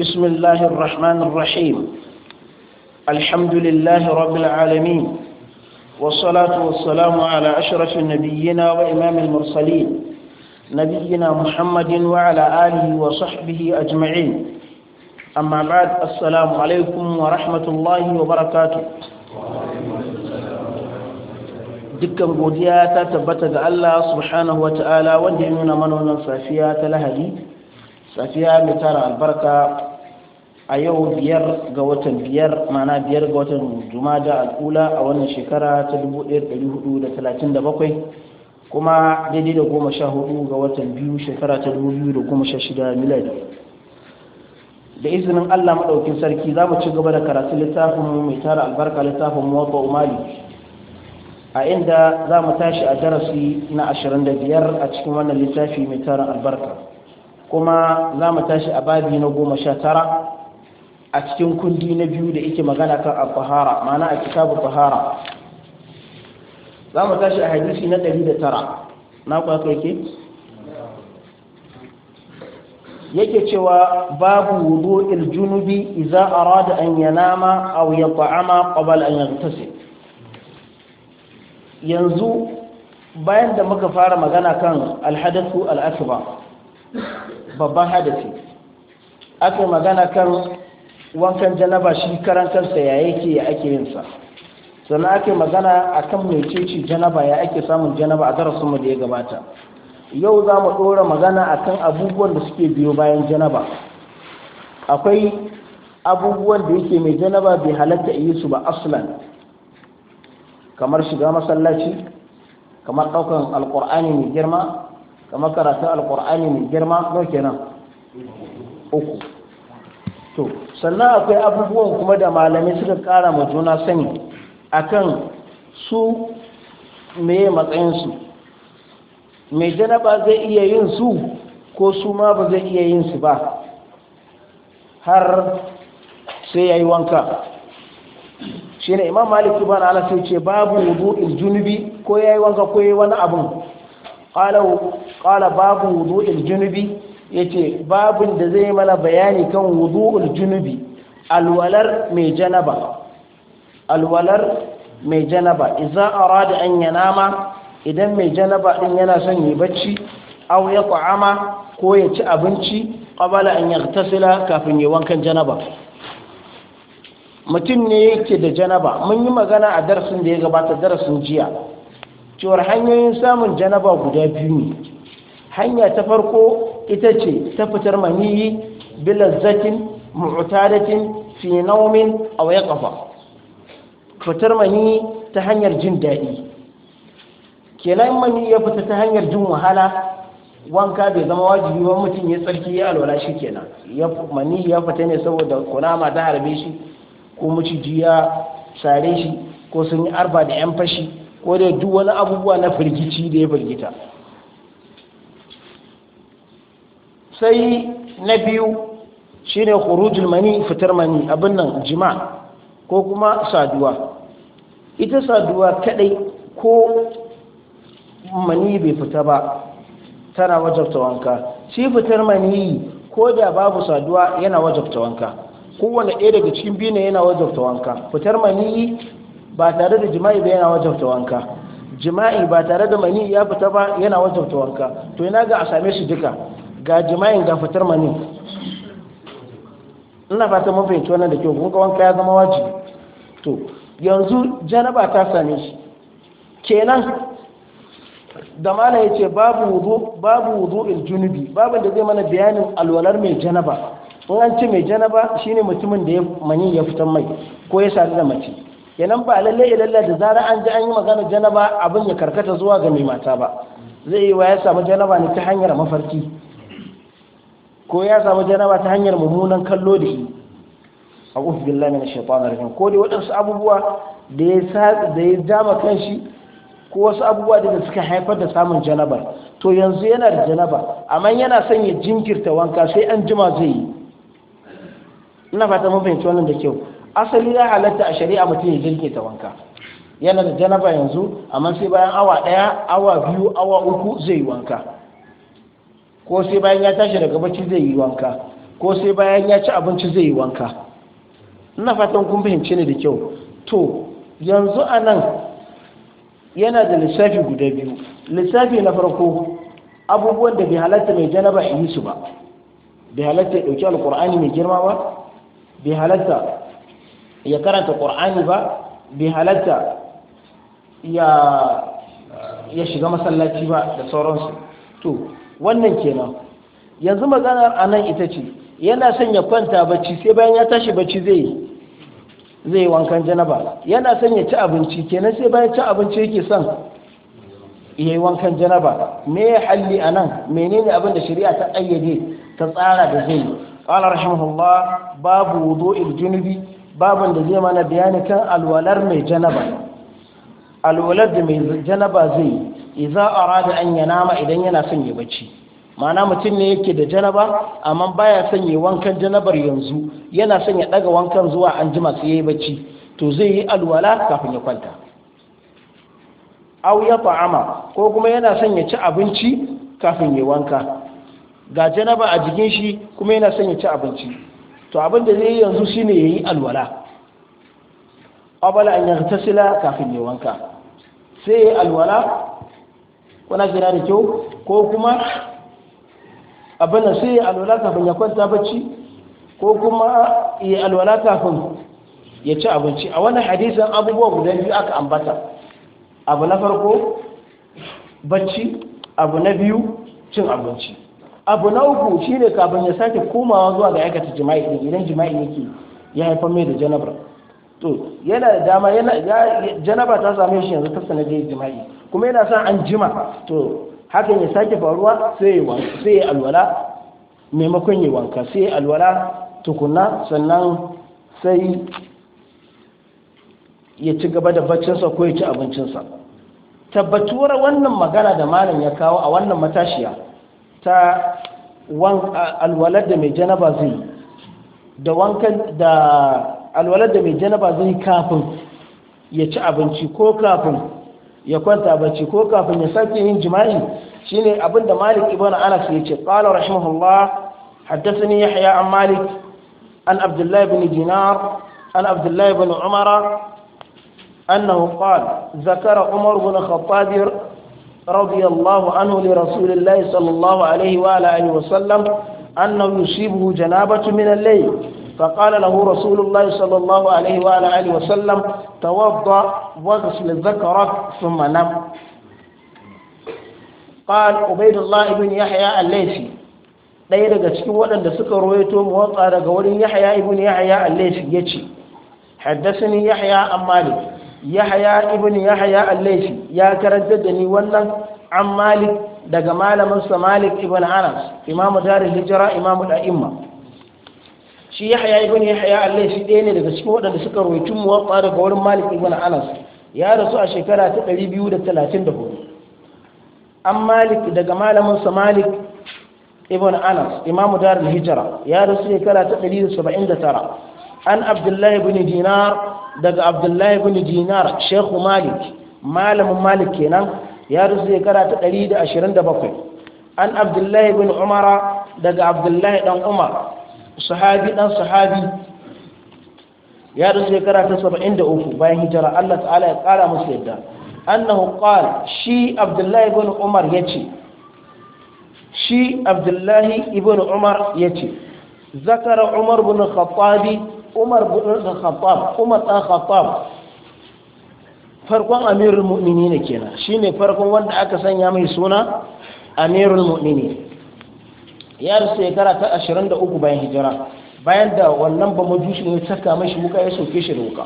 بسم الله الرحمن الرحيم الحمد لله رب العالمين والصلاة والسلام على أشرف النبيين وإمام المرسلين نبينا محمد وعلى آله وصحبه أجمعين أما بعد السلام عليكم ورحمة الله وبركاته dukkan godiya ta tabbata ga Allah subhanahu wa ta'ala wanda ya nuna mana safiya ta lahadi safiya mai tara albarka a yau biyar ga watan biyar mana biyar ga watan jumada al'ula a wannan shekara ta 1437 kuma daidai da goma sha hudu ga watan biyu shekara ta 2016 miladi da izinin allah maɗaukin sarki za mu ci gaba da karatu littafin mai tara albarka littafin mawaba umali a inda za mu tashi a darasi na 25 a cikin wannan littafi mai tara albarka kuma za mu tashi a babi na goma sha tara a cikin kundi na biyu da yake magana kan al ma'ana a kitabu za mu tashi a hadisi na ɗari da tara na kwaka yake yake cewa babu wudu'il junubi idza arada an yanama aw yata'ama qabla an yaghtasil yanzu bayan da muka fara magana kan al al-akbar babban hadafi aka magana kan wankan janaba shi karan kansa ya yake ya ake yin sannan ake magana akan mai mecece janaba ya ake samun janaba a mu da ya gabata yau za mu ɗora magana akan abubuwan da suke biyo bayan janaba akwai abubuwan da yake mai janaba bai halatta yi su ba aslan kamar shiga masallaci kamar ɗaukan alƙur'ani mai girma kamar karatun alkur'ani mai girma nau kenan uku to sannan akwai abubuwan kuma da malamai suka kara ma juna sani akan su me matsayinsu mai janaba zai iya yin su ko su ma ba zai iya yin su ba har sai ya yi wanka shi ne imam malik ba na ala sai ce babu wudu iljunubi ko ya yi wanka ko ya yi wani abin ƙalau qala babu wudu'il junubi yace babun da zai mana bayani kan wudu'ul junubi alwalar mai janaba alwalar mai janaba idan arada an yanama idan mai janaba din yana son yi bacci aw ya qama ko ya ci abinci qabala an yaghtasila kafin yi wankan janaba mutum ne yake da janaba mun yi magana a darasin da ya gabata darasin jiya cewar hanyoyin samun janaba guda biyu ne hanya ta farko ita ce ta fitar maniyi bilazzatin mu'tadatin fi naumin aw yaqfa fitar maniyi ta hanyar jin daɗi kenan maniyi ya fita ta hanyar jin wahala wanka bai zama wajibi ba mutum ya tsarki ya alwala shi kenan maniyi ya fita ne saboda kunama ta harbe shi ko maciji ya sare shi ko sun yi arba da yan fashi ko da duk wani abubuwa na firgici da ya firgita sai na biyu shine khurujul mani fitar mani abin nan jima ko kuma saduwa ita saduwa kadai ko mani bai fita ba tana wajabta wanka shi fitar mani ko da babu saduwa yana wajabta wanka kowane ɗaya daga cikin biyu ne yana wajabta wanka fitar mani ba tare da jima'i ba yana wajabta wanka jima'i ba tare da mani ya fita ba yana wajabta wanka to yana ga a same su duka ga jima'in ga fitar mani ina fata mun fahimci wannan da kyau kuma wanka ya zama wajibi to yanzu janaba ta same shi kenan da mala ya ce babu wudu babu wudu junubi babu da zai mana bayanin alwalar mai janaba in an ce mai janaba shine mutumin da ya mani ya fitar mai ko ya sadu da mace kenan ba lalle ilalla da zara an ji an yi magana janaba abin ya karkata zuwa ga mai mata ba zai yi wa ya samu janaba ne ta hanyar mafarki ko ya samu janaba ta hanyar mummunan kallo da shi a ƙufi billahi na rikin ko dai waɗansu abubuwa da ya dama kan shi ko wasu abubuwa da suka haifar da samun janabar to yanzu yana da janaba amma yana son ya jinkirta wanka sai an jima zai yi ina fata mun fahimci wannan da kyau asali ya halatta a shari'a mutum ya ta wanka yana da janaba yanzu amma sai bayan awa ɗaya awa biyu awa uku zai yi wanka ko sai bayan ya tashi daga bacci zai yi wanka ko sai bayan ya ci abinci zai yi wanka ina fatan kun fahimci ne da kyau to yanzu a nan yana da lissafi guda biyu lissafi na farko abubuwan da bai halatta mai janaba yi su ba bai halatta ya ɗauki Alƙur'ani mai girma ba bai halatta ya karanta ƙur'ani ba bai halatta ya shiga masallaci ba da sauransu to wannan kenan yanzu maganar a nan ita ce yana son ya kwanta bacci sai bayan ya tashi bacci zai yi wankan janaba yana son ya ci abinci kenan sai bayan ci abinci yake son ya yi wankan janaba me ya halli a nan menene abin da shari'a ta ayyade ta tsara da zai qala rahimahullah babu wudu'il junubi babin da zai mana bayani kan alwalar da mai janaba zai Iza arada an nama idan yana son ya bacci ma'ana mutum ne yake da janaba amma baya son ya wankan janabar yanzu yana son ya daga wankan zuwa an jima sai yayi bacci to zai yi alwala kafin ya kwanta aw ya ta'ama ko kuma yana son ya ci abinci kafin ya wanka ga janaba a jikin shi kuma yana son ya ci abinci to abin da zai yanzu shine yayi alwala qabla an yaghtasila kafin ya wanka sai alwala kuna jira da kyau ko kuma abin da sai ya alwala kafin ya kwanta bacci ko kuma ya alwala kafin ya ci abinci a wannan hadisan abubuwa guda biyu aka ambata abu na farko bacci abu na biyu cin abinci abu na uku shi ne kafin ya sake komawa zuwa ga aikata jima'i idan jima'i yake ya haifar mai da janabar to yana da dama yana janaba ta same shi yanzu ta sanadiyar jima'i kuma yana son an jima to hakan ya sake faruwa sai ya sai ya alwala maimakon ya wanka sai ya alwala tukunna sannan sai ya ci gaba da baccinsa ko ya ci abincinsa tabbatuwar wannan magana da malam ya kawo a wannan matashiya ta alwala da mai janaba zai da wankan da alwalar da mai janaba zai kafin ya ci abinci ko kafin ya kwanta abinci ko kafin ya sake yin jima'i shine abin da malik ibn anas ya ce qala rahimahullah haddathani yahya an malik an Abdullahi ibn dinar an abdullah ibn umar annahu qala zakara umar ibn khattab رضي الله عنه لرسول sallallahu alaihi wa عليه وعلى اله وسلم انه يصيبه جنابه من فقال له رسول الله صلى الله عليه وعلى آله وسلم توضأ واغسل ذكرك ثم نم قال عبيد الله بن يحيى الليثي ɗaya daga cikin waɗanda suka rawaito muwatsa daga wurin yahya ibn yahya al-laythi yace haddathani yahya an malik yahya ibn yahya al-laythi ya karanta da ni wannan an malik daga malamin sa malik ibn anas imamu darul hijra imamu da'imma shi yahya ibn yahya al-laysi ɗaya ne daga cikin waɗanda suka rawaito muwatta daga wurin malik ibn anas ya rasu a shekara ta 234 an malik daga malamin sa malik ibn anas imamu darul hijra ya rasu shekara ta 179 an abdullahi ibn dinar daga abdullahi ibn dinar shehu malik malamin malik kenan ya rasu shekara ta 127 an abdullahi ibn umara daga abdullahi dan umar sahabi dan sahabi ya rasu shekara ta 73 bayan hijira Allah ta'ala ya kara musu yadda annahu qala shi abdullahi ibn umar yace shi abdullahi ibn umar yace zakara umar ibn khattab umar ibn khattab umar ta khattab farkon amirul mu'minin kenan shine farkon wanda aka sanya mai suna amirul mu'minin ya rasu shekara ta 23 bayan hijira bayan da wannan ba majushi ne saka mashi wuka ya soke shi da wuka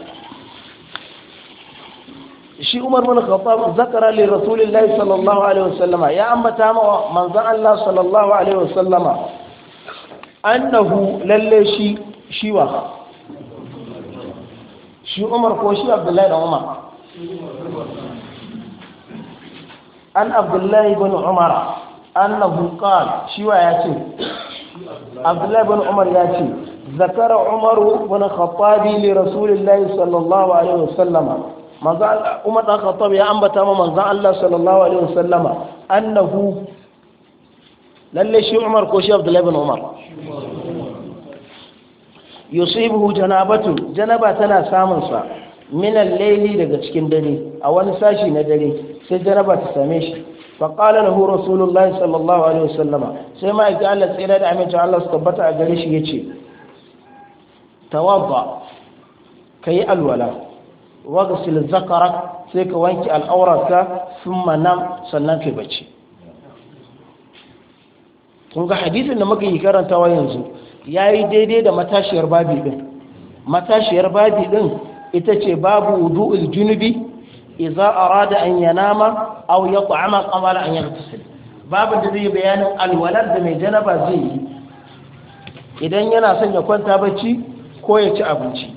shi Umar bin Khattab zakara li Rasulillahi sallallahu alaihi wasallama ya ambata ma manzon Allah sallallahu alaihi wasallama annahu lalle shi shiwa shi Umar ko shi Abdullahi da Umar an Abdullahi bin Umar annahu qala shi wa ya ce Abdullahi bin Umar ya ce zakara Umaru bin Khattab li Rasulillahi sallallahu alaihi wasallama manzo Umar dan Khattab ya ambata ma manzo Allah sallallahu alaihi wasallama annahu lalle shi Umar ko shi Abdullahi bin Umar yusibuhu janabatu janaba tana samun sa min al-layli daga cikin dare a wani sashi na dare sai janaba ta same shi faƙala da hura sulullahi sallallahu alaihi sallama sai aiki allah tsira da amincin allah su tabbata a gare shi ya ce tawabba ka yi alwala wagasil zakara sai ka wanke al'aurarka sun nan sannan ka bacci kun ga hadisin da muka yi karantawa yanzu ya yi daidai da matashiyar babi din matashiyar babi ɗin ita ce babu wudu'ul junubi idza arada an yanama aw yat'ama bayanin alwalar da mai janaba zai yi idan yana son ya kwanta barci ko ya ci abinci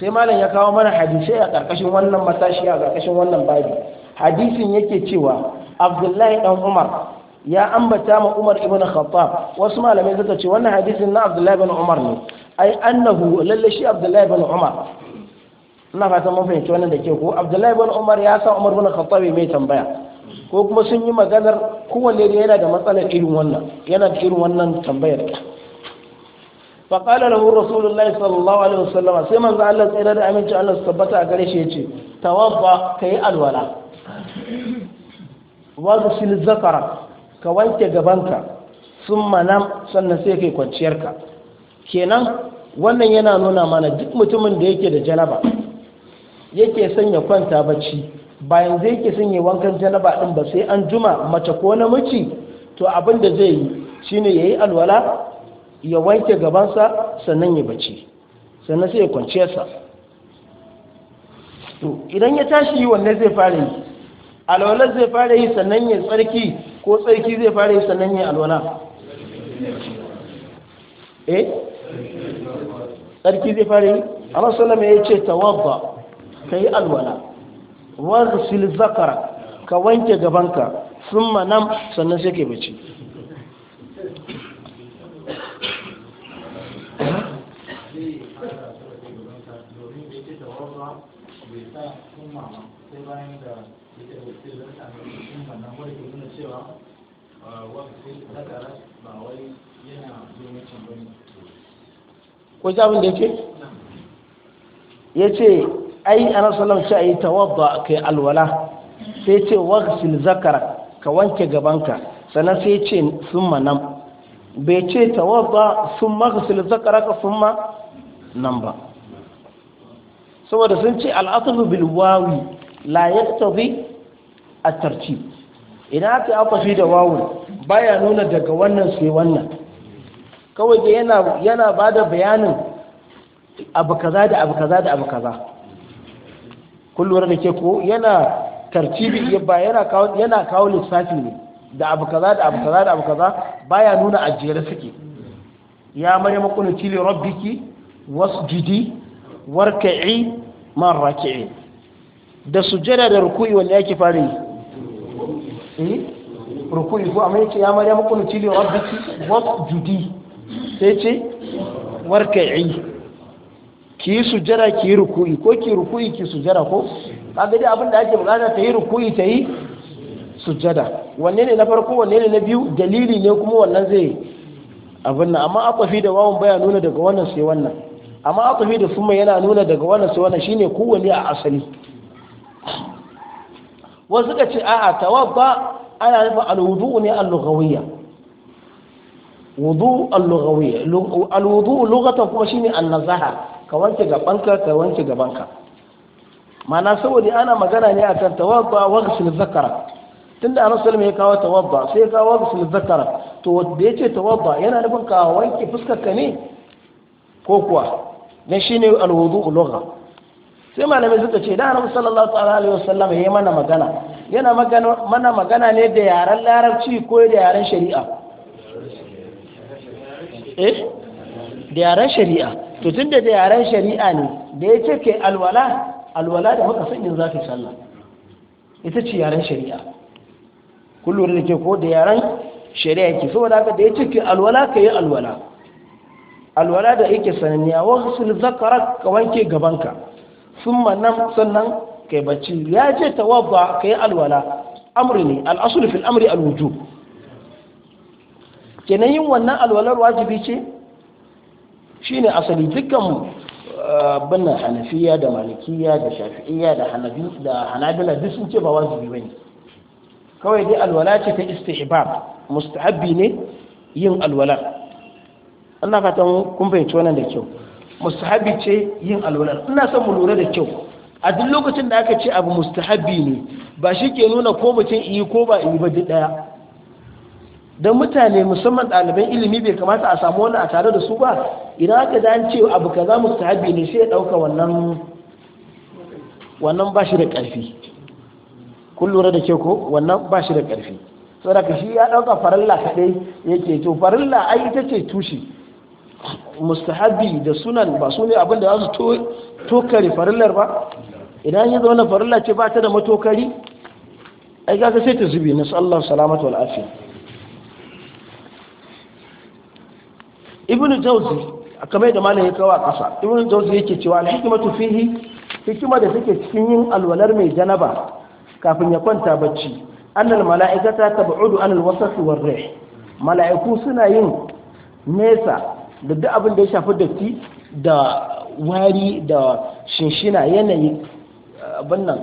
sai malam ya kawo mana hadisai a ƙarƙashin wannan matashi a ƙarƙashin wannan babi hadisin yake cewa abdullahi dan umar ya ambata ma umar ibn khattab wasu malamai zata ce wannan hadisin na abdullahi bin umar ne ai annahu lalle shi abdullahi bin umar ina fatan mun fahimci wannan da ke ko abdullahi bin umar ya sa umar ibn khattab mai tambaya ko kuma sun yi maganar kowanne da yana da matsalar irin wannan yana da irin wannan tambayar fa qala lahu rasulullahi sallallahu alaihi wasallam sai manzo Allah tsira da aminci Allah su tabbata a gare shi yace tawaffa kai alwala wa sil zakara ka wanke gabanka summa nam sannan sai kai kwanciyarka kenan wannan yana nuna mana duk mutumin da yake da janaba yake son ya kwanta bacci bayan zai yake son ya wankan janaba din ba sai an juma mace ko namiji to abin da zai yi shine yayi alwala ya wanke gabansa sannan ya bacci sannan sai ya kwance sa to idan ya tashi yi wanne zai fara yi alwala zai fara yi sannan ya tsarki ko tsarki zai fara yi sannan ya alwala eh tsarki zai fara yi Allah sallama ya ce tawadda ka yi alwala warsil zakara ka wanke gabanka sun manam sannan sai ke bace ko abin da ya ce ya ce ai ana sallam ce ayi tawadda kai alwala sai ce waghsil zakara ka wanke gabanka sannan sai ce summa nam bai ce tawadda summa ghsil zakara ka summa nan ba saboda sun ce al'atfu bil wawi la yaktabi at-tartib idan aka afafi da wawu baya nuna daga wannan sai wannan kawai yana yana bada bayanin abu kaza da abu kaza da abu kaza kun lura da ke ko yana tartibi ba yana kawo yana kawo lissafi ne da abu kaza da abu kaza da abu kaza baya nuna ajiyar suke ya maryam qunuti li rabbiki wasjidi warka'i man raki'i da sujjada da ruku'i wanda yake fara yi eh ruku'i ko amma yake ya maryam qunuti li rabbiki wasjidi sai ce warka'i ki yi sujjara ki yi rukuyi ko ki rukuyi ki sujjara ko kaga dai abin da ake bukata ta yi rukuyi ta yi sujjada wanne ne na farko wanne ne na biyu dalili ne kuma wannan zai abin nan amma fi da wawan baya nuna daga wannan sai wannan amma fi da summa yana nuna daga wannan sai wannan shine kowanne a asali wasu ka ce a'a tawabba ana nufin alwudu ne al-lughawiyya wudu al-lughawiyya al-wudu lughatan kuma shine an-nazaha ka wanke gabanka ka wanke gabanka mana saboda ana magana ne akan tawadda wa ghusl zakara tunda annabi sallallahu alaihi ya kawo tawadda sai ya kawo ghusl zakara to da yace tawadda yana nufin ka wanke fuskar ka ne ko kuwa ne shine alwudu lugha sai malamai suka ce da annabi sallallahu alaihi wasallam yayi mana magana yana magana mana magana ne da yaren larabci ko da yaran shari'a eh da yaren shari'a to tun da yaren shari'a ne da ya ce ke alwala alwala da muka sanyin za ka sallah ita ce yaren shari'a kullum da ke ko da yaren shari'a ke saboda haka da ya ce ke alwala ka yi alwala alwala da yake sananniya wasu zakara ka wanke gabanka sun nan sannan kai bacci ya ce tawabba ka yi alwala amri ne al'asul al amri alwujub kenan yin wannan alwalar wajibi ce shine asali dukkan uh, bana hanafiya da malikiya da shafi'iya da da hanabila duk sun ce ba wajibi bane kawai dai alwala ce ta istihbab mustahabbi ne yin alwala Allah ka tan kun fahimci wannan da kyau mustahabbi ce yin alwala ina son mu lura da kyau a duk lokacin da aka ce abu mustahabbi ne ba shi ke nuna ko mutum yi ko ba yi ba duk daya don mutane musamman ɗaliban ilimi bai kamata a samu wani a tare da su ba idan aka da an ce abu kaza mustahabi ne sai ya ɗauka wannan ba shi da ƙarfi kun lura da ke ko wannan ba shi da ƙarfi saboda shi ya ɗauka farilla kaɗai yake to farilla ai ita ce tushe mustahabi da sunan ba su ne abin da za su tokare farillar ba idan ya zauna farilla ce ba ta da matokari ai ga sai ta zube na sallar salamatu al'afiyar ibnu jauzi kamar da malamin kawo a ƙasa ibnu jauzi yake cewa alhikimatu fihi hikima da take cikin yin alwalar mai janaba kafin ya kwanta bacci annal mala'ikata tab'udu anil wasfi war mala'iku suna yin nesa da duk abin da ya shafi datti da wari da shinshina yanayi abin nan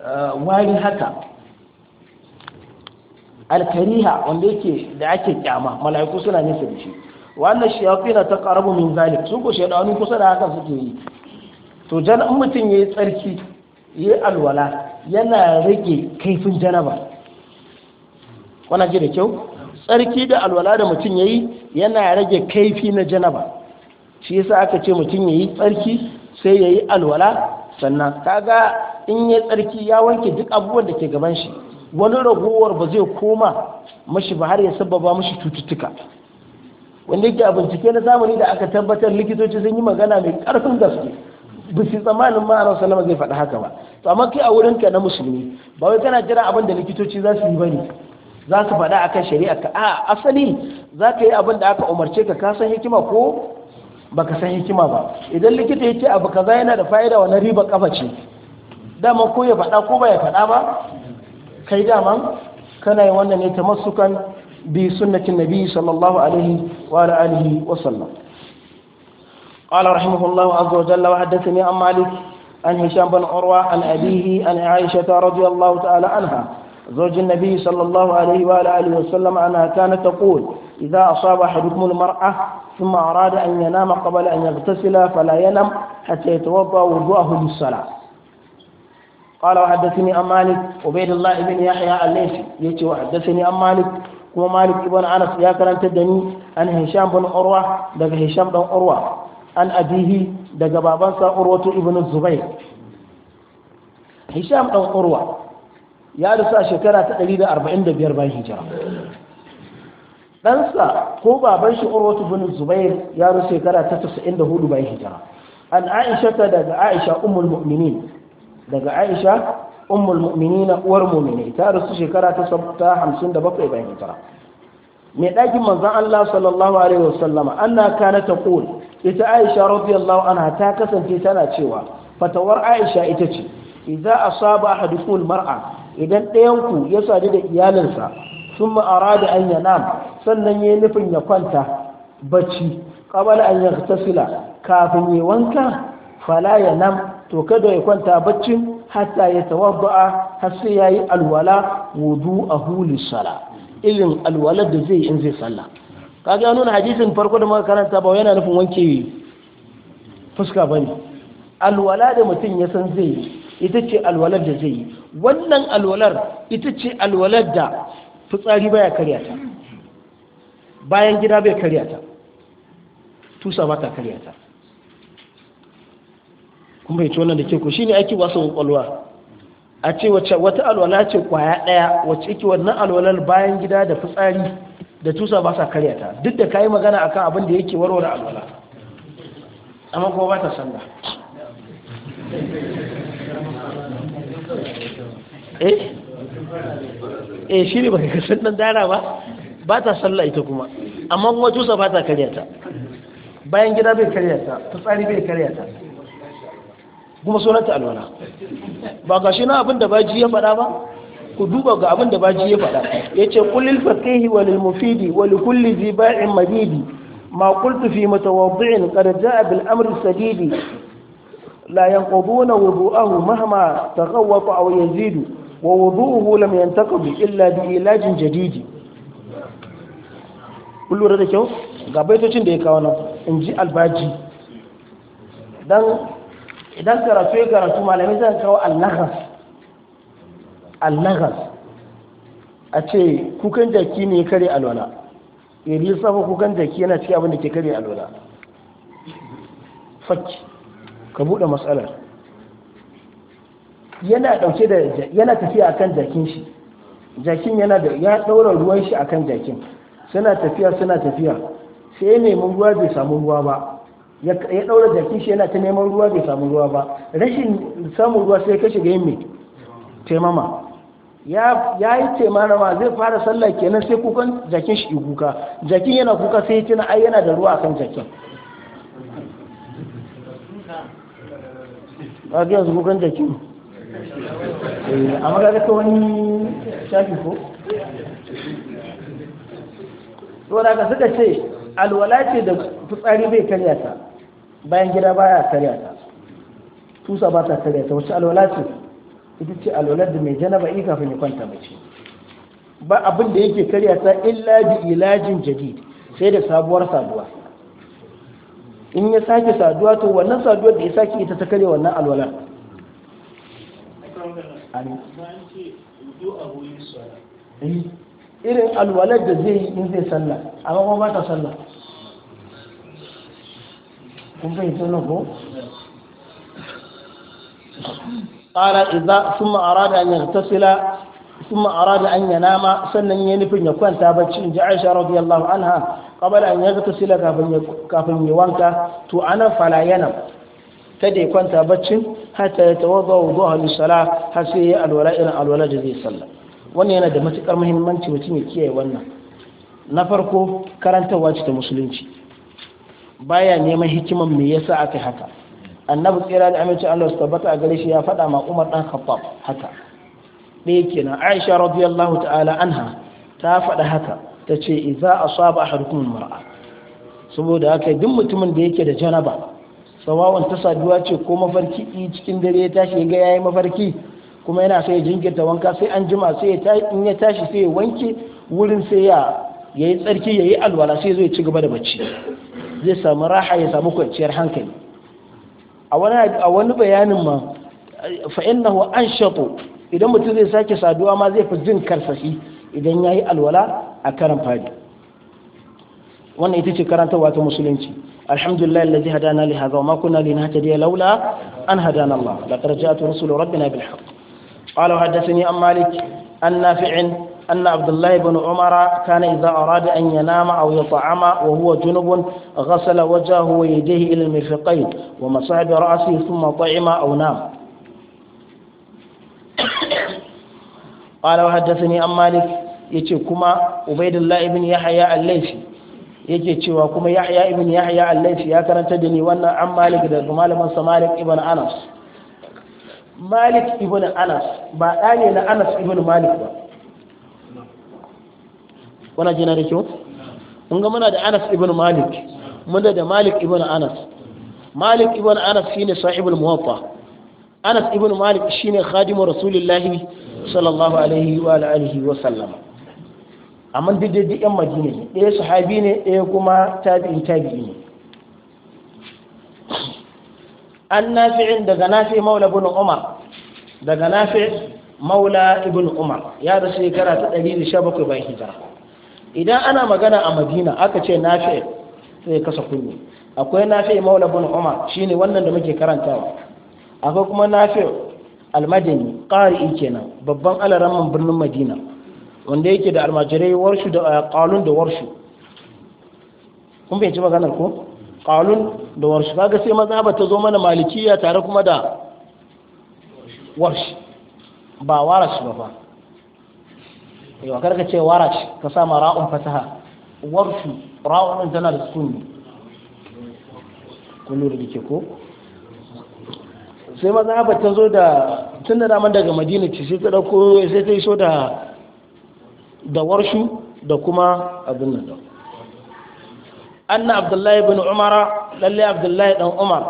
eh, wari haka alkariha wanda yake da ake kyama mala'iku suna nesa da shi wannan na ta qarabu min zalik su ko wani kusa da haka suke yi to jan in mutum yi tsarki ya yi alwala yana rage kaifin janaba wana ji da kyau tsarki da alwala da mutum ya yi, yana rage kaifi na janaba shi yasa aka ce mutum ya yi tsarki sai ya yi alwala sannan kaga in yayi tsarki ya wanke duk abubuwan da ke gaban shi wani ragowar ba zai koma mashi ba har ya sabbaba mashi cututtuka wanda yake a bincike na zamani da aka tabbatar likitoci sun yi magana mai karfin gaske ba su tsammanin ma a salama zai faɗi haka ba to amma kai a wurin ka na musulmi ba wai kana jira abin da likitoci za su yi bane za su faɗa akan shari'a ka a asali za ka yi abin da aka umarce ka ka san hikima ko baka san hikima ba idan likita ya yake abu kaza yana da fa'ida na riba kafa ce dama ko ya faɗa ko ba ya faɗa ba kai dama kana yin wannan ne ta masukan بسنة النبي صلى الله عليه وعلى آله وسلم قال رحمه الله عز وجل وحدثني عن مالك عن هشام بن عروة عن أبيه عن عائشة رضي الله تعالى عنها زوج النبي صلى الله عليه وعلى آله وسلم أنها كانت تقول إذا أصاب أحدكم المرأة ثم أراد أن ينام قبل أن يغتسل فلا ينم حتى يتوضأ وضوءه للصلاة قال وحدثني عن مالك عبيد الله بن يحيى الليثي يتي وحدثني عن مالك kuma malik ibn anas ya karanta da ni an hisham bin urwa daga hisham dan urwa an abihi daga babansa urwatu ibn zubair hisham dan urwa ya rasu a shekara ta 145 bayan hijira ɗansa ko baban shi urwatu bin zubair ya rasu shekara ta 94 bayan hijira an aisha daga aisha ummul mu'minin daga aisha ummul mu'minina uwar mu'minai ta rasu shekara ta bakwai bayan hijira mai ɗakin manzan Allah sallallahu Alaihi wasallama kana ta ƙul ita Aisha radiyallahu anha ta kasance tana cewa fatawar Aisha ita ce idza asaba ahadukum mar'a idan ɗayanku ya sadu da iyalinsa sun arada an yanam sannan yayi nufin ya kwanta bacci qabala an yaghtasila kafin ya wanka fala yanam to kada ya kwanta baccin hatta ya tawadda'a har sai yayi alwala wudu'ahu lis-sala irin alwala da zai in zai sallah kaga nuna hadisin farko da muka ba yana nufin wanke fuska bane alwala da mutum ya san zai yi ita ce alwalar da zai yi wannan alwalar ita ce alwalar da fitsari baya karya ta bayan gida bai karya ta tusa ba ta karya ta kuma ita wannan da ke ku shine ake wasu kwakwalwa a ce wata alwala ce kwaya daya wacce yake wannan alwalar bayan gida da fitsari da tusa ba sa karya ta duk da kayi magana akan abin da yake warware alwala amma kuma ba ta sanda eh eh shi ne baka kasan dan dara ba ba ta sallah ita kuma amma kuma tusa ba ta karya ta bayan gida bai karya ta fitsari bai karya ta kuma sunanta alwala ba ga shi na abin da baji ya faɗa ba ku duba ga abin da baji ya faɗa ya ce kullil faqihi mufidi wa li kulli ziba'in ba'in madidi ma qultu fi mutawaddi'in qad ja'a bil amri sadidi la yanquduna wudu'ahu mahma taghawwaqa aw yazidu wa wudu'uhu lam yantaqib illa bi ilajin jadidi kullu da kyau ga baitocin da ya kawo nan in ji albaji dan idan karatu ya karatu malamai zan kawo allagas allagas a ce kukan jaki ne kare alwala iri safa kukan jaki yana cikin abin da ke kare alwala fakki ka buɗe matsalar yana ɗauke da yana tafiya akan jakin shi jakin yana da ya ɗaura ruwan shi akan jakin suna tafiya suna tafiya sai ne nemi ruwa bai samu ruwa ba ya ɗaura jakin shi yana ta neman ruwa bai samu ruwa ba rashin samun ruwa sai kashe ga yin mai taimama ya yi taimama zai fara sallah kenan sai kukan jakin shi kuka jakin yana kuka sai tuna ai yana da ruwa akan jakin ba ga yanzu kukan jakin eh, amma ga ta wani shafi ko? saboda suka ce alwala ce da fitsari bai karya ta bayan gida baya karya ta tusa ba ta karya ta wacce alwala ce ita ce alwalar da mai janaba yi kafin ya kwanta mace ba abin da yake karya ta illa bi ilajin jadid sai da sabuwar saduwa in ya sake saduwa to wannan saduwar da ya sake ita ta karya wannan alwalar Amin. irin alwalar da zai yi zai sallah amma kuma ba ta sallah kun hito na ko qala idza ma'ara da an sun ma'ara da an ma sannan ya nufin ya kwanta bacci in ji Aisha radiyallahu anha qabla an yaghtasila ta sila kafin yi wanka to ana fala yana kada ya kwanta baccin hata ya tawadda wudu'a lis-salah har sai ya alwala irin alwala da zai sallah wannan yana da matukar muhimmanci mutum ya kiyaye wannan na farko karantarwa ce ta musulunci baya neman hikiman me yasa aka haka annabi tsira da amincin Allah su tabbata a gare shi ya faɗa ma Umar dan Khattab haka ɗaya kenan Aisha radiyallahu ta'ala anha ta faɗa haka tace idza asaba ahadukum mar'a saboda haka duk mutumin da yake da janaba sawawan ta saduwa ce ko mafarki cikin dare ya tashi ga yayi mafarki kuma yana so ya jinkirta wanka sai an jima sai in ya tashi sai ya wanke wurin sai ya yayi tsarki yayi alwala sai zai ci gaba da bacci zai samu raha ya samu kwanciyar hankali a wani a wani bayanin ma fa innahu anshatu idan mutum zai sake saduwa ma zai fi jin karsashi idan yayi alwala a karan fadi wannan ita ce karantarwa ta musulunci alhamdulillah alladhi hadana li hadha wa ma kunna linahtadiya laula an hadana Allah laqad ja'at rusulu rabbina bil haqq قال وحدثني عن مالك عن نافع أن عبد الله بن عمر كان إذا أراد أن ينام أو يطعم وهو جنب غسل وجهه ويديه إلى المرفقين ومسح برأسه ثم طعم أو نام قال وحدثني عن مالك yace kuma Ubaidullah ibn Yahya al-Laifi yake cewa kuma Yahya ibn Yahya al-Laifi ya karanta da ni wannan an Malik da malamin sa Malik ibn Anas malik ibn anas ba ɗa ne na anas ibn malik ba wana jina da kyau mun ga muna da anas ibn malik mun da da malik ibn anas malik ibn anas shine sahibul muwatta anas ibn malik shine khadimu rasulullahi sallallahu alaihi wa alihi wa sallama amma duk da duk yan madina ne ɗaya sahabi ne ɗaya kuma tabi'in tabi'i ne an nafi'in daga nafi maula ibn umar daga nafi maula ibn umar ya da shekara ta 117 bayan hijira idan ana magana a madina aka ce nafi sai kasa kunni akwai nafi maula ibn umar shine wannan da muke karantawa akwai kuma nafi almadani qari'i kenan babban alaramin birnin madina wanda yake da almajirai warshu da eh, qalun da warshu kun bai ci maganar ko qalun da warshi kaga sai mazhaba ta zo mana malikiya tare kuma da warshi ba warash ba fa yau karka ce warash ka sa ma ra'un fataha warshi ra'un tana da sukun kullu da ke ko sai mazhaba ta zo da tun da daman daga madina ce sai ta dauko sai ta iso da da warshu da kuma abin nan anna abdullahi bin Umar, lalle abdullahi dan umar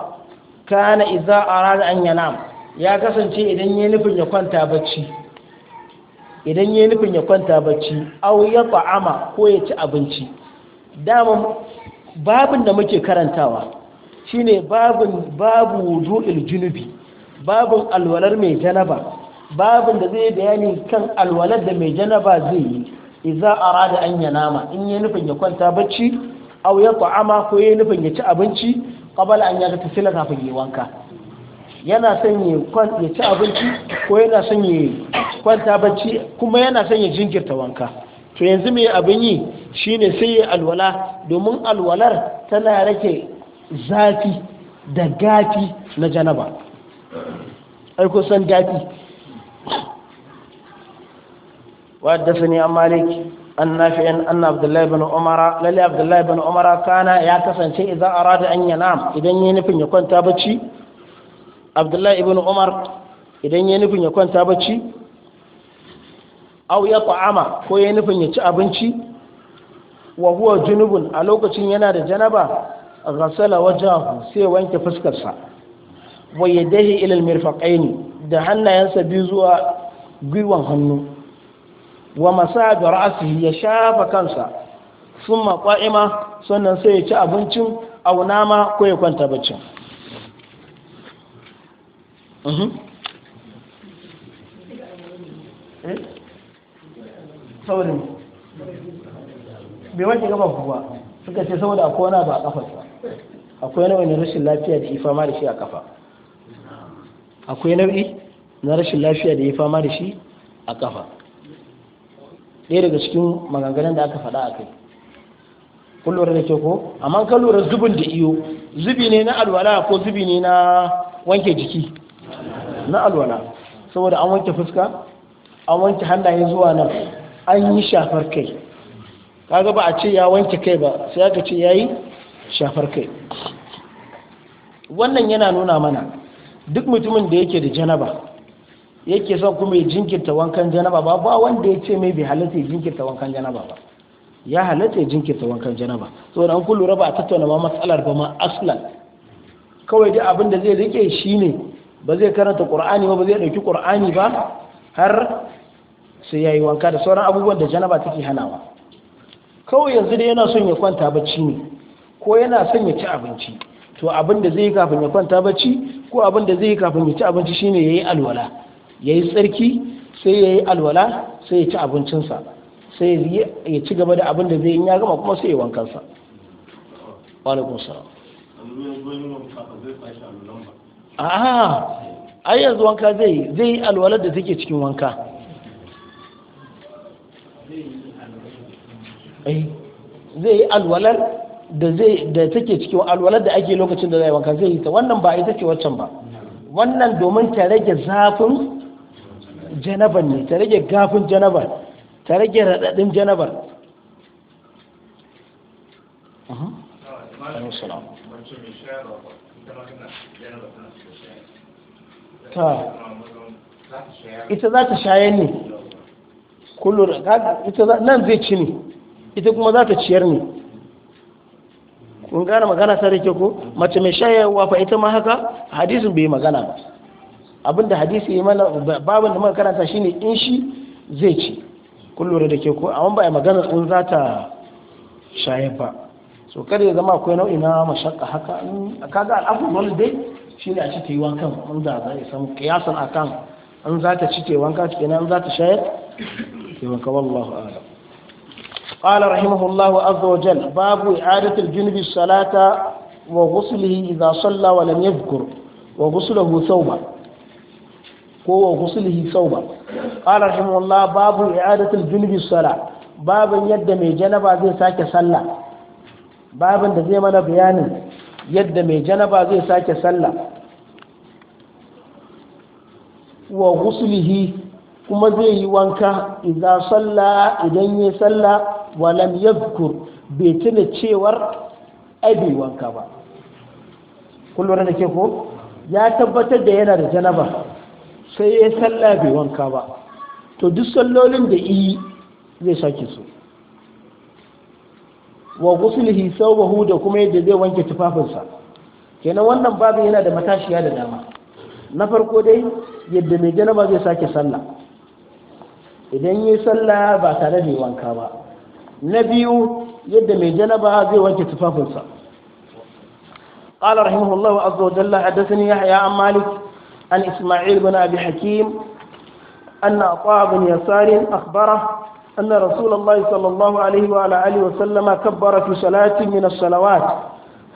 kana idza arada an yanam ya kasance idan yayi nufin ya kwanta bacci idan yayi nufin ya kwanta bacci aw ya ta'ama ko ya ci abinci dama babin da muke karantawa shine babin babu wudu'il junubi babin alwalar mai janaba babin da zai bayani kan alwalar da mai janaba zai yi idza arada an yanama in yayi nufin ya kwanta bacci aw ya ta'ama ko yayi nufin ya ci abinci qabala an ya sila kafin yi wanka yana son ya kwan ya ci abinci ko yana son ya kwanta bacci kuma yana son ya jinkirta wanka to yanzu me abin yi shine sai ya alwala domin alwalar tana rake zafi da gafi na janaba ai kusan gafi Wa وحدثني عن مالك an nafi'in an abdullahi bin umara lalle abdullahi bin umara kana ya kasance idan arada an yana idan ya nufin ya kwanta bacci abdullahi ibn umar idan ya nufin ya kwanta bacci aw ya ta'ama ko ya nufin ya ci abinci wa huwa junubun a lokacin yana da janaba ghasala wajahu sai wanke fuskarsa wa yadahi ila al-mirfaqaini da hannayensa biyu zuwa gwiwan hannu wa masajar da ya shafa kansa sun maƙwa'ima sannan sai ya ci abincin auna ma ko ya kwanta baccin mhm. eh? saurin bai wajen gaba kuwa suka ce saboda a kona ba a kafarsa akwai nau'in rashin lafiya da ifama da shi a kafa akwai nau'i na rashin lafiya da ya fama da shi a kafa ɗaya daga cikin maganganun da aka faɗa a kai kun lura da kyau ko amma kan lura zubin da iyo zubi ne na alwala ko zubi ne na wanke jiki na alwala saboda an wanke fuska an wanke hannaye zuwa nan an yi shafar kai kaga ba a ce ya wanke kai ba sai aka ce yayi shafar kai wannan yana nuna mana duk mutumin da yake da janaba yake son kuma ya jinkirta wankan janaba ba ba wanda ya ce mai bai halatta ya jinkirta wankan janaba ba ya halatta ya jinkirta wankan janaba saboda an kullu raba a tattauna ma matsalar ba ma aslan kawai dai abin da zai rike shine ba zai karanta qur'ani ba ba zai dauki qur'ani ba har sai yayi wanka da sauran abubuwan da janaba take hanawa kawai yanzu dai yana son ya kwanta bacci ne ko yana son ya ci abinci to abin da zai yi kafin ya kwanta bacci ko abin da zai yi kafin ya ci abinci shine yayi alwala ya yi tsarki sai ya yi alwala sai ya ci abincinsa sai ya ci gaba da abin da zai yi ya gama kuma sai ya wankansa ai yanzu wanka zai yi zai yi alwalar da take cikin wanka zai yi alwalar da take cikin alwalar da ake lokacin da zai wanka zai yi ta wannan ba ita ce waccan ba wannan domin ta rage zafin janaban ne ta rage gafin janaban ta rage raɗaɗin janaban ita za ta shayar ne kullum nan zai ci ne ita kuma za ta ciyar ne kun gane magana sarki ko mace mai shayarwa fa ita ma haka hadisun bai magana ba abinda hadisi ya mana babin da muka karanta shine in shi zai ci kun lura da ke ko amma ba ya magana in za ta shayar ba so kada ya zama akwai nau'i na mashakka haka in kaga al'afin wani dai ne a ci ta yi wankan in za a samu kiyasan akan in za ta ci ta yi wanka kenan in za ta shayar ke wanka wallahu a'lam قال رحمه الله عز وجل باب إعادة الجنب الصلاة وغسله إذا صلى ولم يذكر وغسله ثوبا ko wa ghuslihi sauba qala rahimahullah babu i'adatul junubi sala baban yadda mai janaba zai sake sallah Baban da zai mana bayanin yadda mai janaba zai sake sallah wa ghuslihi kuma zai yi wanka idan salla idan yayi salla wa lam yadhkur bai tuna cewar abi wanka ba kullum da ke ko ya tabbatar da yana da janaba sai ya salla bai wanka ba to duk sallolin da yi zai sake su wa gusulihi sawbahu da kuma yadda zai wanke tufafinsa kenan wannan babu yana da matashiya da dama na farko dai yadda mai janaba zai sake sallah idan yi sallah ba tare da wanka ba na biyu yadda mai janaba zai wanke tufafinsa قال رحمه الله عز وجل حدثني يحيى عن مالك عن إسماعيل بن أبي حكيم أن عطاء بن يسار أخبره أن رسول الله صلى الله عليه وعلى آله وسلم كبر في صلاة من الصلوات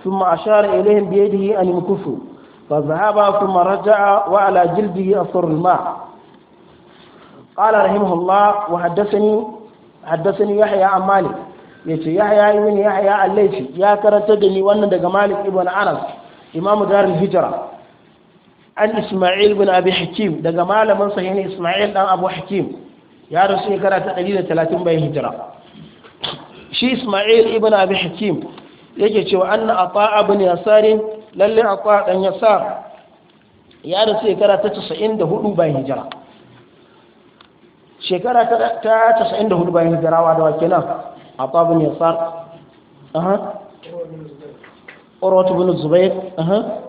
ثم أشار إليهم بيده أن يمكثوا فذهب ثم رجع وعلى جلده أثر الماء قال رحمه الله وحدثني حدثني يحيى عن مالك yace yahya ibn yahya al-laythi ya karanta da ni wannan daga malik ibn anas imamu darul hijra an Ismail bin Abi Hakim daga malamin sa yana Ismail dan Abu Hakim ya rasu shekara ta 130 bayan hijira shi Ismail ibn Abi Hakim yake cewa anna ata'a bin yasarin lalle ata'a dan yasar ya rasu shekara ta 94 bayan hijira shekara ta 94 bayan hijira wa da wakilan ata'a bin yasar aha urwatu bin zubair aha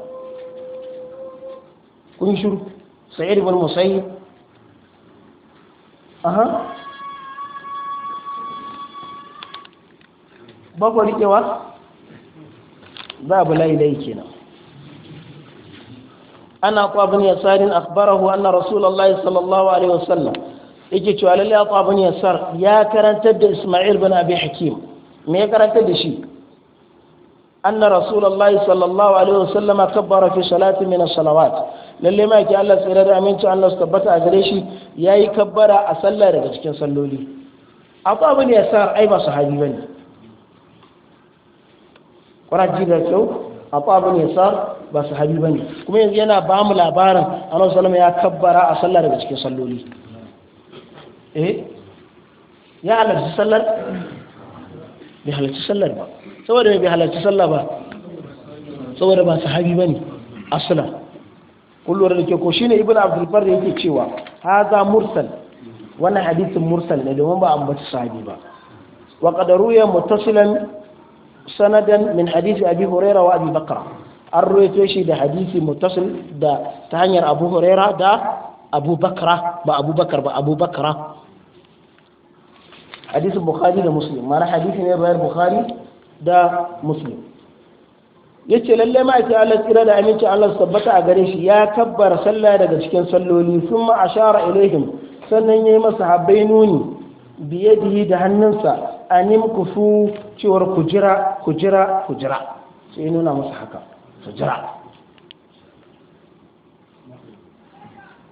kun shiru sa'id ibn musayyib aha ba ku riƙewa ba bala'i dai kenan ana qabin yasarin akhbarahu anna rasulullahi sallallahu alaihi wasallam yake cewa lalle ya qabin yasar ya karantar da isma'il bin abi hakim me ya karantar da shi anna rasulullahi sallallahu alaihi wasallam kabbara fi salati min as-salawat lalle ma yake Allah tsira da aminci Allah su tabbata a gare shi yayi kabbara a sallah daga cikin salloli abu abu ne sa, ai ba sahabi bane ji da kyau abu abu ne sa ba sahabi bane kuma yanzu yana ba mu labarin Annabi sallallahu ya kabbara a sallah daga cikin salloli eh ya halarci sallar bai halarci sallar ba saboda bai halarci sallar ba saboda ba sahabi bane aslan lura da ke ko shine ibn abdul bar yake cewa haza mursal wannan hadisin mursal ne domin ba an bata sahabi ba wa qad muttasilan sanadan min hadisi abi hurairah wa abi bakr an ruwaito shi da hadisi muttasil da ta hanyar abu hurairah da abu bakra ba abu bakar ba abu hadisin bukhari da muslim mana hadisi ne bayar bukhari da muslim ya ce lalle ma'aikin Allah tsira da aminci Allah su tabbata a gare shi ya tabbara sallah daga cikin salloli sun ma ashara ilaihim sannan ya yi masa habbai nuni biye da hannunsa a nim kufu cewar kujira kujira kujira sai nuna masa haka kujira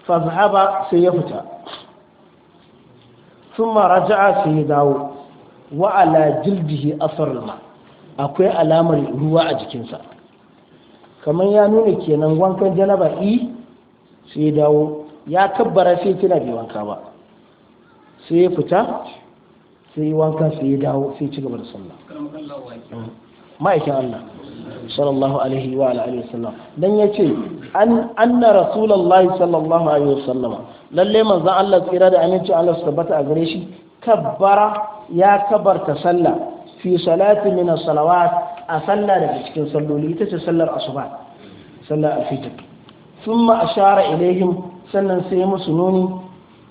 fazhaba sai ya fita sun ma raja'a sai ya dawo wa ala jildihi asar ma akwai alamar ruwa a jikinsa kamar ya nuna kenan wankan janaba i e, sai ya dawo ya tabbara sai kina bai wanka ba sai ya fita sai ya wanka sai ya dawo sai ci gaba da sallah ma'aikin Allah sallallahu alaihi wa alihi wasallam dan yace an anna rasulullahi sallallahu alaihi wasallam lalle manzon Allah tsira da aminci Allah su tabbata a gare shi kabbara ya kabarta sallah fi salati min as-salawat a sallah daga cikin salloli ita ce sallar asuba sallar al-fitr thumma ashara ilaihim sannan sai musu nuni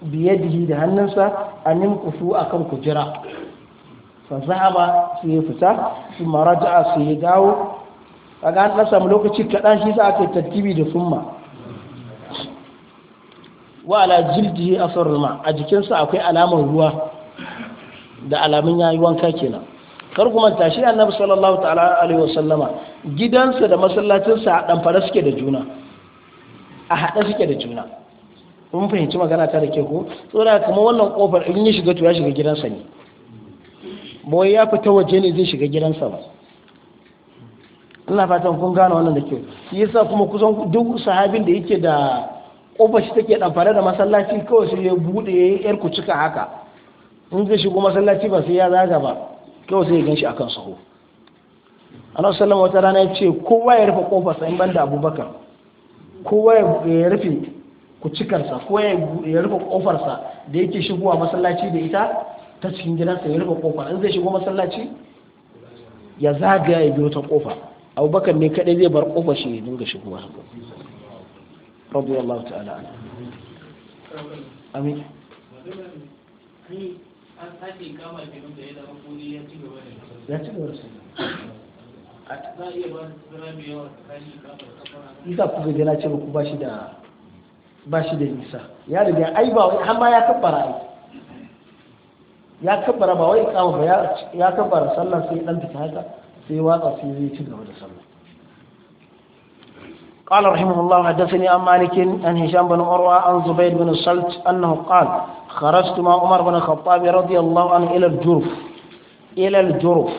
biyadihi da hannunsa anin kufu akan kujira fa zahaba sai ya fita thumma raja'a sai ya dawo kaga an lokaci kaɗan shi sa aka yi tartibi da thumma wa ala jildihi ma a jikinsa akwai alamar ruwa da alamun yayi wanka kenan kar kuma tashi annabi sallallahu ta'ala alaihi wasallama gidansa da masallacinsa a ɗanfara suke da juna a haɗe suke da juna kun fahimci magana ta da ke ko tsora kamar wannan kofar in yi shiga to ya shiga gidansa ne boye ya fita waje ne zai shiga gidansa ba ina fatan kun gane wannan da kyau shi yasa kuma kusan duk sahabin da yake da kofar shi take ɗanfara da masallaci kawai sai ya buɗe ya yi yar kucika haka in zai shigo masallaci ba sai ya zaga ba kawai sai ya ganshi kan sahu annabi sallama wata rana ya ce kowa ya rufe kofar sa in banda abubakar kowa ya rufe kucikarsa ko ya rufe kofarsa da yake shigowa masallaci da ita ta cikin gidansa ya rufe kofar in zai shigo masallaci ya zagaya ya biyo ta kofa abubakar ne kadai zai bar kofar shi ya dinga shigowa radiyallahu ta'ala amin an sake kama kenan da ya zama kuri ya ci gaba da ya ci gaba da su za a iya ba zira mai yawa tsakanin kama da kafara isa ce ku ba shi da ba shi da nisa ya riga ai ba wai har ma ya kabbara ai ya kabbara ba wai kama ba ya kabbara sallah sai dan fita haka sai watsa sai zai ci gaba da sallah قال رحمه الله حدثني عن مالك عن هشام بن عروة عن زبيد بن السلت أنه قال خرجت مع عمر بن الخطاب رضي الله عنه إلى الجرف إلى الجرف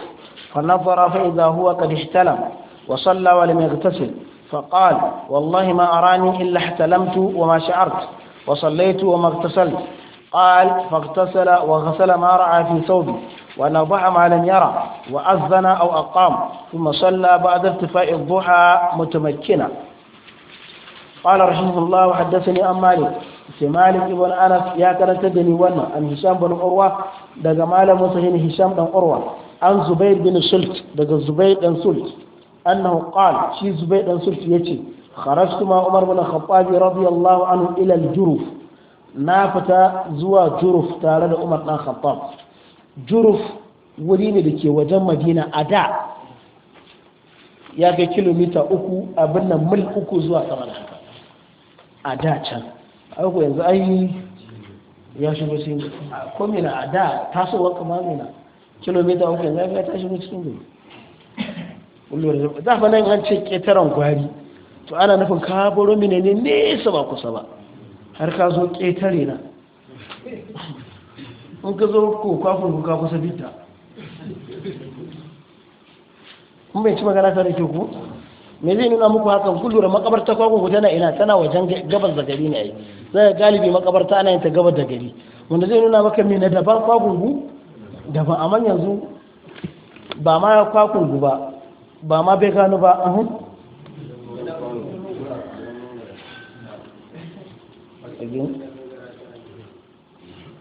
فنظر فإذا هو قد احتلم وصلى ولم يغتسل فقال والله ما أراني إلا احتلمت وما شعرت وصليت وما اغتسلت قال فاغتسل وغسل ما رأى في ثوبه ونضع ما لم يرى وأذن أو أقام ثم صلى بعد ارتفاع الضحى متمكنا قال رحمه الله وحدثني أم مالك Sai malik ibn anas ya karanta da ni wannan an hisham bin urwa daga malamin sahin hisham dan urwa an zubair bin sult daga zubair dan sult annahu qala shi zubair dan sult yace kharajtu ma umar bin khattab radiyallahu anhu ila al-juruf na fita zuwa juruf tare da umar dan khattab juruf wuri ne da ke wajen madina a da ya ga kilomita uku abin nan mil uku zuwa sama da haka a da can aiko yanzu ai ya shigo cikin ko mina a da tasowar me na kilomita uku yanzu ya ta shigo cikin gari kullum da fa nan an ce ƙetaren gwari to ana nufin ka boro mina ne nesa ba kusa ba har ka zo ƙetare na in ka zo ko kwafin ka kusa bita kuma bai ci magana ta da ke ku me zai nuna muku hakan kun lura makabarta kwakwan tana ina tana wajen gabar da gari ne ai zai galibi makabarta ana yin ta gabar da gari wanda zai nuna maka me na daban kwakwan daban amma yanzu ba ma kwakwan ba ba ma bai gano ba ahun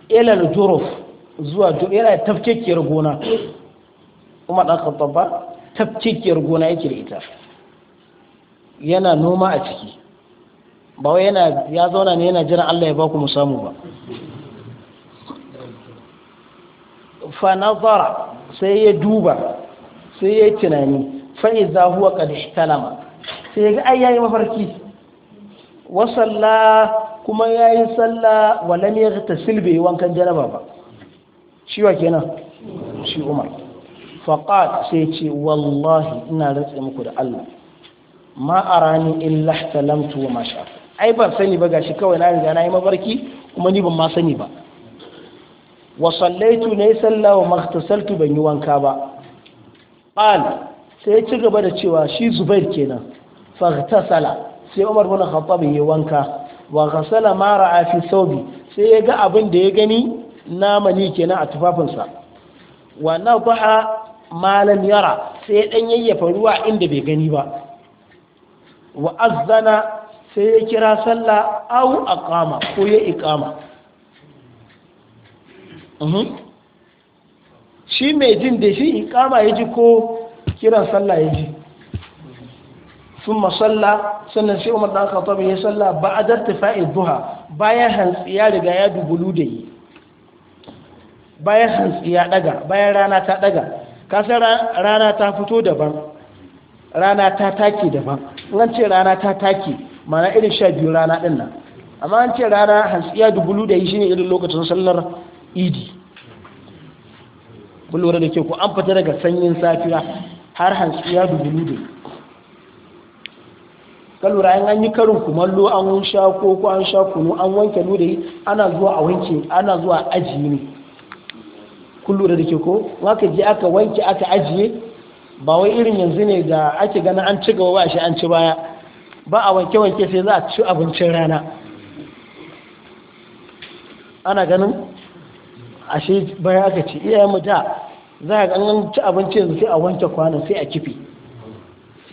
ilal Jorof zuwa yana tafkekiyar gona kuma ɗan ba tafkekiyar gona yake da ita yana noma a ciki ba wai yana ya zauna ne yana jiran Allah ya ba ku mu samu ba fa nazara sai ya duba sai ya tunani fa idza huwa qad ihtalama sai ya ga ai yayi mafarki wa salla kuma yayi salla wa lam yaghtasil bi wankan jaraba ba shi wa kenan shi Umar fa sai ce wallahi ina rantsa muku da Allah ma in illa ihtalamtu wa masha ai ban sani ba gashi kawai na riga na yi mabarki kuma ni ban ma sani ba wa sallaitu ne sallah wa maktasaltu ban yi wanka ba qal sai ya ci gaba da cewa shi zubair kenan faghtasala sai umar bin khattab yi wanka wa ghasala ma ra'a fi thawbi sai ya ga abin da ya gani na mani kenan a tufafinsa wa nadaha ma lam yara sai ɗan dan yayyafa ruwa inda bai gani ba wa azana sai ya kira sallah au aqama ko ya iqama mhm. shi mai jin da shi iqama yaji ko kiran sallah yaji thumma salla sannan sai Umar dan Khattab ya salla ba'da irtifa'i duha bayan hantsi ya riga ya dubulu da yi bayan hantsi ya daga bayan rana ta daga kasar rana ta fito daban rana ta take daban an ce rana ta take mana irin sha biyu rana ɗin nan amma an ce rana hantsiya dubulu da yi shi ne irin lokacin sallar idi kun da ke ku an fita daga sanyin safiya har hantsiya dubulu da ka lura an yi karin kumallo an sha koko an sha kunu an wanke yi ana zuwa a wanke ana zuwa ajiye ne kun da ke ko waka je aka wanke aka ajiye ba wai irin yanzu ne da ake ganin an ci gaba ba shi an ci baya ba a wanke-wanke sai za a ci abincin rana ana ganin a shi baya aka ci iyayenmu da za a ganin ci abincin sai a wanke kwanan sai a kifi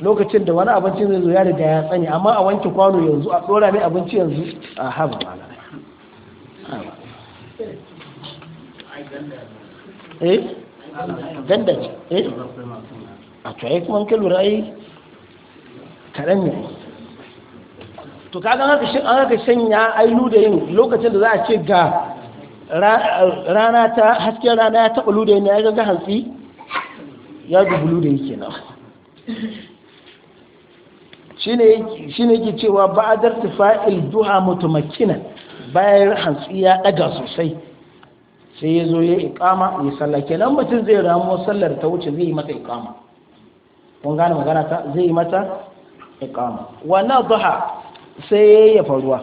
lokacin da wani abincin zai zo ya riga ya tsani amma a wanke kwano yanzu a ɗora mai abinci yanzu a haɓa ba na ganda ce eh? a to ai kuma ka lura ai kaɗan ne to kaga an haka shanya ailu da yin lokacin da za a ce ga rana ta hasken rana ya taɓa luda ne ya ga hantsi ya dubu luda yake na shi ne yake cewa darta fa’il duha makina bayan hantsi ya ɗaga sosai sai ya zo ya ikama ya sallake nan mutum zai ramu sallar ta wuce zai yi mata ikama kun gane magana ta zai yi mata iqama wannan duha sai ya yi faruwa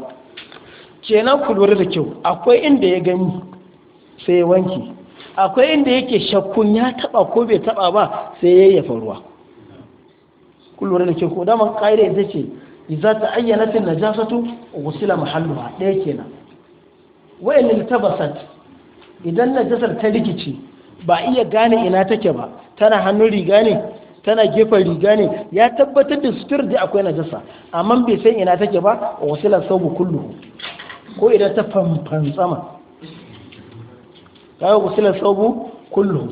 kenan ku lura da kyau akwai inda ya gani sai ya wanki akwai inda yake shakkun ya taba ko bai taba ba sai ya yi faruwa ku lura da kyau ko da man kaida ita ce iza ta tin najasatu ghusila mahalluha ɗaya kenan wa in tabasat idan najasar ta rikici ba iya gane ina take ba tana hannun riga ne tana gefen riga ne ya tabbatar da sutur da akwai najasa amma bai san ina take ba a wasilar saubu kullu ko idan ta fanfan sama kawo wasilar sabu kullu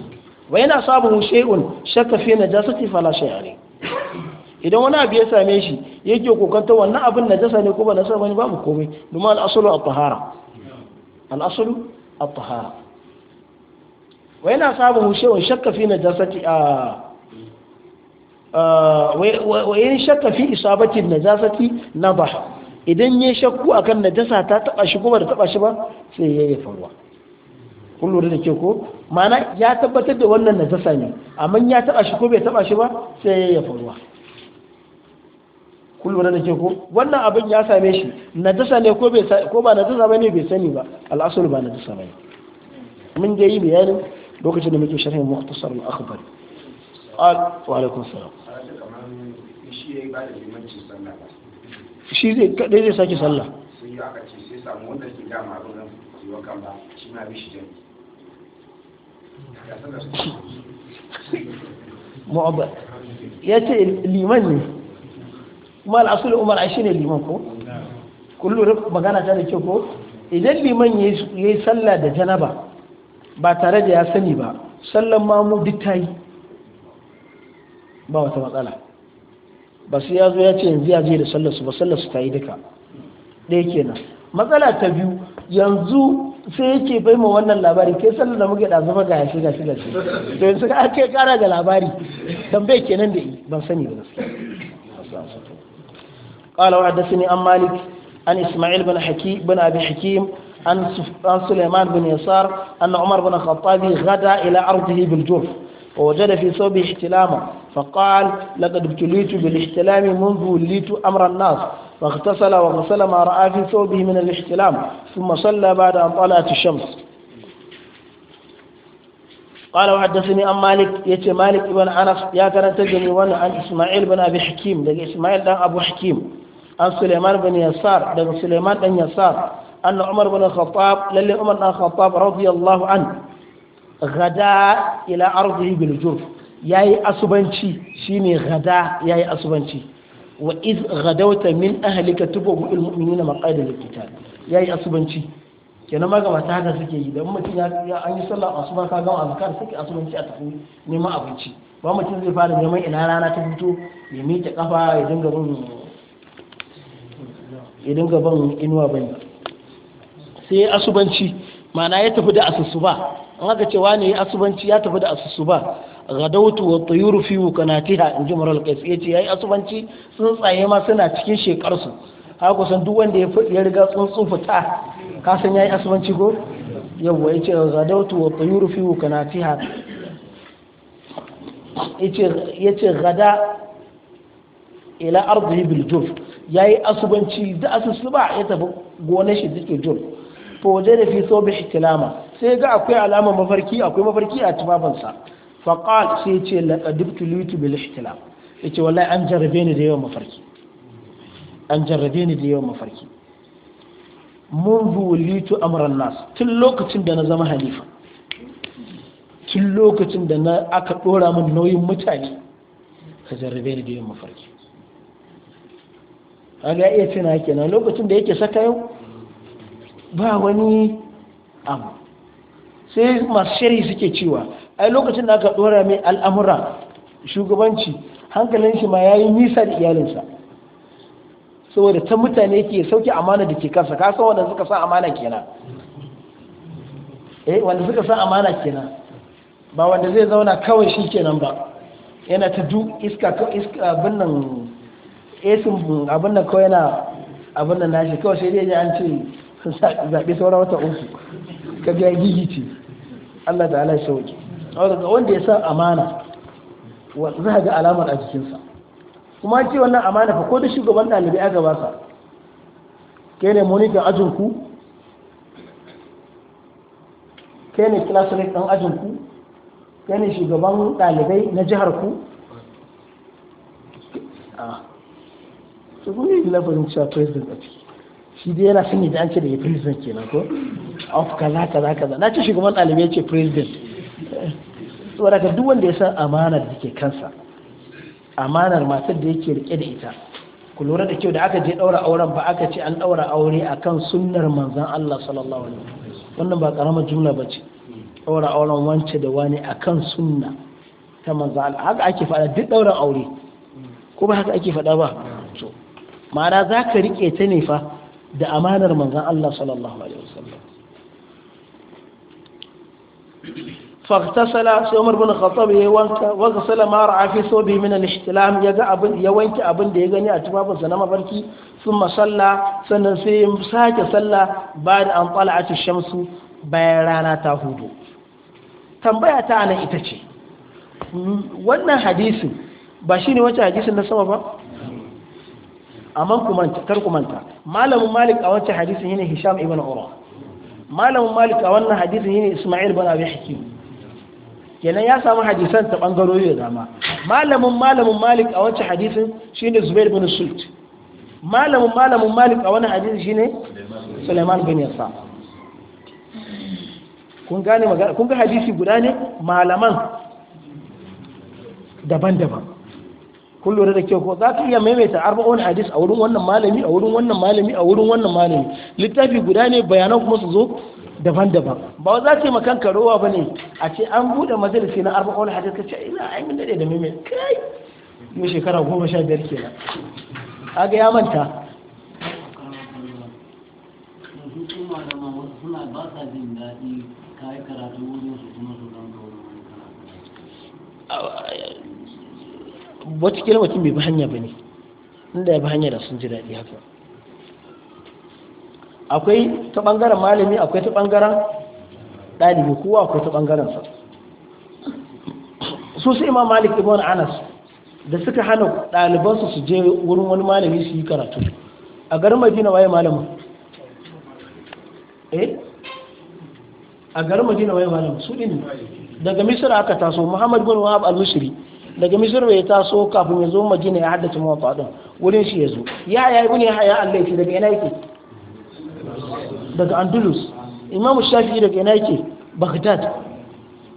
wa yana sabu shay'un shakka fi najasati fala ne idan wani abu ya same shi yake kokanta wannan abin najasa ne ko ba najasa wani babu komai domin al-aslu at-tahara al-aslu at-tahara wa yana sabu shay'un shakka fi najasati a ah, wa in shakka fi isabatin najasati nadaha idan ya shakku akan najasa ta taba shi kuma da taba shi ba sai ya yi farwa kun lura da ke ko mana ya tabbatar da wannan najasa ne amma ya taba shi ko bai taba shi ba sai ya yi farwa kun lura da ke ko wannan abin ya same shi najasa ne ko bai ko ba najasa bane bai sani ba al'asul ba najasa bane mun dai yi bayanin lokacin da muke sharhin mukhtasar al akhbar qal wa alaikum salam shi zai kadai zai sake sallah sai ya ce sai kan ba bi shi ya ce liman ne kuma al'asul umar a shi ne liman ko kullum magana ta da kyau ko idan liman ya yi sallah da janaba ba tare da ya sani ba sallan mamu duk ta yi ba wata matsala ba su ya zo ya ce yanzu ya je da sallar su ba sallar su ta yi duka ɗaya kenan matsala ta biyu yanzu sai yake bai ma wannan labari ke sallar da muke ɗazama ga yashi gashi gashi to yanzu ka ake kara da labari dan bai kenan da yi ban sani ba gaskiya قال وحدثني عن مالك عن اسماعيل بن حكيم بن ابي حكيم عن سليمان بن يسار أن عمر بن الخطاب غدا إلى أرضه بالجوف ووجد في ثوبه احتلاما فقال لقد ابتليت بالاحتلام منذ وليت أمر الناس فاغتسل وغسل ما رأى في ثوبه من الاحتلام ثم صلى بعد أن طلعت الشمس قال وحدثني عن مالك يتي مالك بن أنس يا كان تجني وانا عن إسماعيل بن أبي حكيم دقى إسماعيل بن أبو حكيم عن سليمان بن يسار دقى سليمان بن يسار أن عمر بن الخطاب للي عمر بن الخطاب رضي الله عنه غدا إلى أرضه بالجرف Ya yi asubanci shi ne gada yi asubanci wa iz gadauta min ahlika tubu al da likita ya yi asubanci kenan ma gaba ta haka suke yi da mutum ya an yi sallah a asuba ka gama azkar suke asubanci a tafi neman abinci ba mutum zai fara neman ina rana ta fito ya miƙe kafa ya dinga bin ya dinga ban inuwa bane sai asubanci ma'ana ya tafi da asusuba an haka cewa ne asubanci ya tafi da asusuba gadautu wa tuyuru fi wukanatiha in ji maral kai ya ce ya yi asubanci tsuntsaye ma suna cikin shekarsu haka kusan duk wanda ya riga tsuntsu fita kasan ya yi asubanci ko yawwa ya ce gadautu wa tuyuru fi wukanatiha ya ce gada ila arzihi bil jurf ya yi asubanci da asusu ba ya tafi gonar shi da ke jurf fa waje da fi so bi sai ga akwai alama mafarki akwai mafarki a tufafinsa faqal sai ce laqad ibtulitu bil ihtilam yace wallahi an jarrabe ni da yawan mafarki an jarrabe ni da yawan mafarki munzu walitu amran nas tun lokacin da na zama halifa tun lokacin da na aka dora min nauyin mutane ka jarrabe ni da yawan mafarki aga iya tuna kenan lokacin da yake saka yau ba wani abu sai masu shari suke cewa ai lokacin da aka dora mai al'amura shugabanci hankalin shi ma ya yi nisa da iyalinsa saboda ta mutane ke sauke amana da ke kansa ka san wanda suka san amana kenan eh wanda suka san amana kenan ba wanda zai zauna kawai shi kenan ba yana ta du iska ko iska abin nan esin abin nan kawai yana abin nashi kawai sai dai an ce sun zaɓi sauran wata uku ka biya ce. Allah ta'ala ya sauke ga wanda ya san amana za ga alamar a jikinsa kuma ce wannan amana fa ko da shugaban ɗalibai aka ba sa kai ne monitor ajinku kai ne classmate ɗan ajinku kai ne shugaban ɗalibai na jihar ku su kuma yi labarin cewa president a ciki shi dai yana sani da an ce da ya president kenan ko of kaza kaza kaza na ce shugaban ɗalibai ce president saboda duk wanda ya san amanar da ke kansa amanar matar da yake rike da ita ku lura da kyau da aka je daura auren ba aka ce an daura aure akan sunnar manzon Allah sallallahu alaihi wasallam wannan ba karamar jumla bace daura auren wance da wani akan sunna ta manzon Allah haka ake faɗa duk daura aure ko ba haka ake faɗa ba to ma'ana zaka rike ta ne fa da amanar manzon Allah sallallahu alaihi wasallam Fakta سيومر بن الخطاب يوانك وغسل ما رعى في ya gani a tufafinsa na mafarki ثم صلى sannan sai sake sallah bayan an tala'atu shamsu bayan rana ta hudu tambaya ta ana ita ce wannan hadisin ba shine wancan hadisin na sama ba amma kumanta kar kumanta malamin malik a wancan hadisin yana hisham ibn urwa malamin a wannan hadisin yana isma'il bin abi hakim kenan ya samu hadisan ta bangarori da dama malamin malamin malik a wancan hadisin shine zubair bin sult malamin malamin malik a wani hadisi shine sulaiman bin yasa kun gane magana kun ga hadisi guda ne malaman daban-daban kun lura da kyau ko za ka iya maimaita arba'un hadis a wurin wannan malami a wurin wannan malami a wurin wannan malami littafi guda ne bayanan kuma su zo daban-daban ba za ce makan karowa ba ne a ce an buɗe majalisi na arba'un hadis ka ce ina an yi daɗe da mai kai yi shekara goma sha biyar kenan aga ya manta wata kila mutum bai bi hanya ba ne inda ya bi hanya da sun ji daɗi haka akwai ta bangaren malami akwai ta bangaren ɗalibi kowa akwai ta bangaren sa su su imam malik ibn anas da suka hana ɗalibansu su je wurin wani malami su yi karatu a garin madina waye malamin eh a garin madina waye malamin su ɗin daga misira aka taso muhammad bin wahab al-misri daga misir bai taso kafin ya zo madina ya haddace mawafaɗin wurin shi ya zo ya ya ibn yahya al daga ina yake daga andalus Imamu Shafi daga ina yake baghdad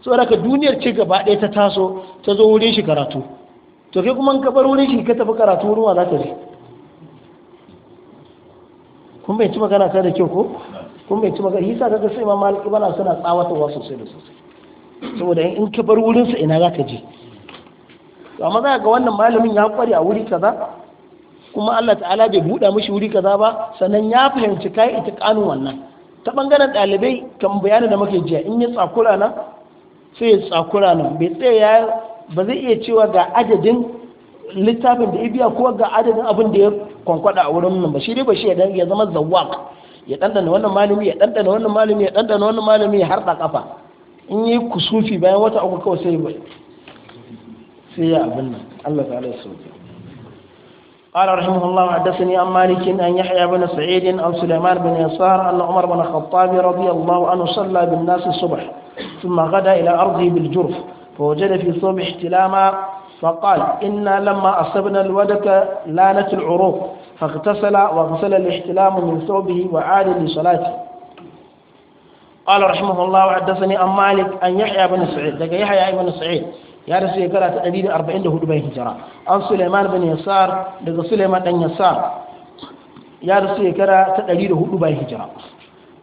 saboda ka duniyar ce gaba ɗaya ta taso ta zo wurin shi karatu to kai kuma ka bar wurin shi ka tafi karatu wurin wala ta je kun bai ci magana ta da kyau ko kun bai ci magana yasa kaga sai imam malik bana suna tsawatarwa sosai da sosai saboda in ka bar wurin sa ina zaka je to amma za ga wannan malamin ya kware a wuri kaza kuma Allah ta'ala bai buɗa mishi wuri kaza ba sannan ya fahimci kai kanun wannan ta bangaren ɗalibai kan bayanin da muke jiya in ya tsakura nan sai ya tsakura nan bai tsaye ya ba zai iya cewa ga adadin littafin da ya biya ko ga adadin abin da ya kwankwada a wurin nan ba shi dai ba shi ya zama zawak ya ɗanɗana wannan malami ya ɗanɗana wannan malami ya ɗanɗana wannan malami har harɗa kafa in yi kusufi bayan wata uku kawai sai ya abin nan Allah ta'ala ya sauke قال رحمه الله حدثني عن مالك أن يحيى بن سعيد أو سليمان بن يسار أن عمر بن الخطاب رضي الله عنه صلى بالناس الصبح ثم غدا إلى أرضه بالجرف فوجد في ثوب احتلاما فقال إنا لما أصبنا الودك لانت العروق فاغتسل واغسل الاحتلام من ثوبه وعاد لصلاته قال رحمه الله وحدثني عن مالك أن يحيى بن سعيد يحيى بن سعيد ya rasu shekara ta 144 bayan hijira an Suleiman bin Yasar daga Suleiman dan Yasar ya rasu shekara ta 104 bayan hijira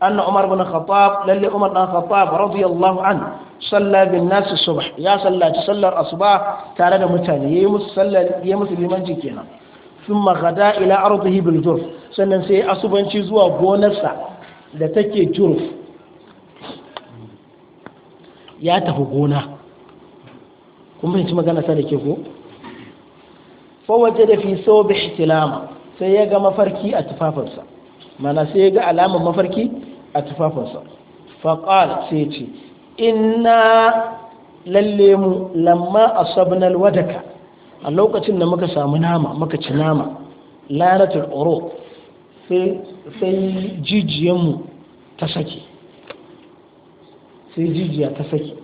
anna Umar bin Khattab lalle Umar dan Khattab radiyallahu an salla bin nas subh ya sallaci sallar asuba tare da mutane yayi musu sallar yayi musu limanci kenan thumma ghada ila ardihi bil jurf sannan sai asubanci zuwa gonarsa da take jurf ya tafi gona kun ci magana ta da ke ko fawaje da fi so bi ihtilama sai ya ga mafarki a tufafinsa mana sai ya ga alamar mafarki a tufafinsa faqal sai ce inna lalle mu lamma asabnal wadaka a lokacin da muka samu nama muka ci nama lanatul oro sai jijiyanmu ta sake sai jijiya ta sake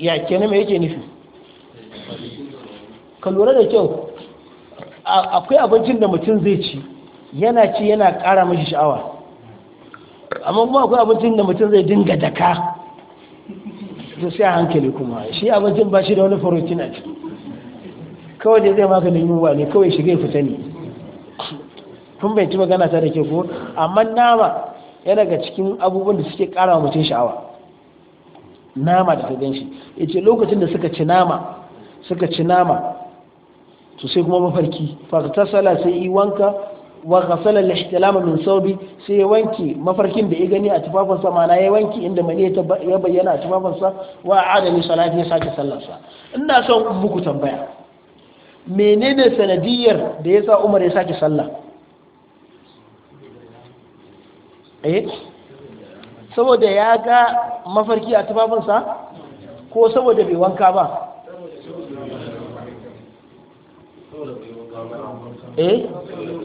ya kenan me yake nufi ka lura da kyau akwai abincin da mutum zai ci yana ci yana kara mashi sha'awa amma kuma akwai abincin da mutum zai dinga daka to sai a hankali kuma shi abincin ba shi da wani furutin a ciki kawai zai maka yunwa ne kawai shiga fita ne kun bai ci magana ta da ke ko amma nama yana ga cikin abubuwan da suke kara mutum sha'awa nama da ta gan shi ya ce lokacin da suka ci nama suka ci nama to sai kuma mafarki fatasala sai yi wanka wa ghasala al min saubi sai ya wanke mafarkin da ya gani a tufafinsa mana ya wanke inda mani ya bayyana a tufafinsa wa adami salati ya sake sallarsa ina son muku tambaya menene sanadiyar da yasa Umar ya sake sallah eh? saboda ya ga mafarki a tufafinsa ko saboda bai wanka ba eh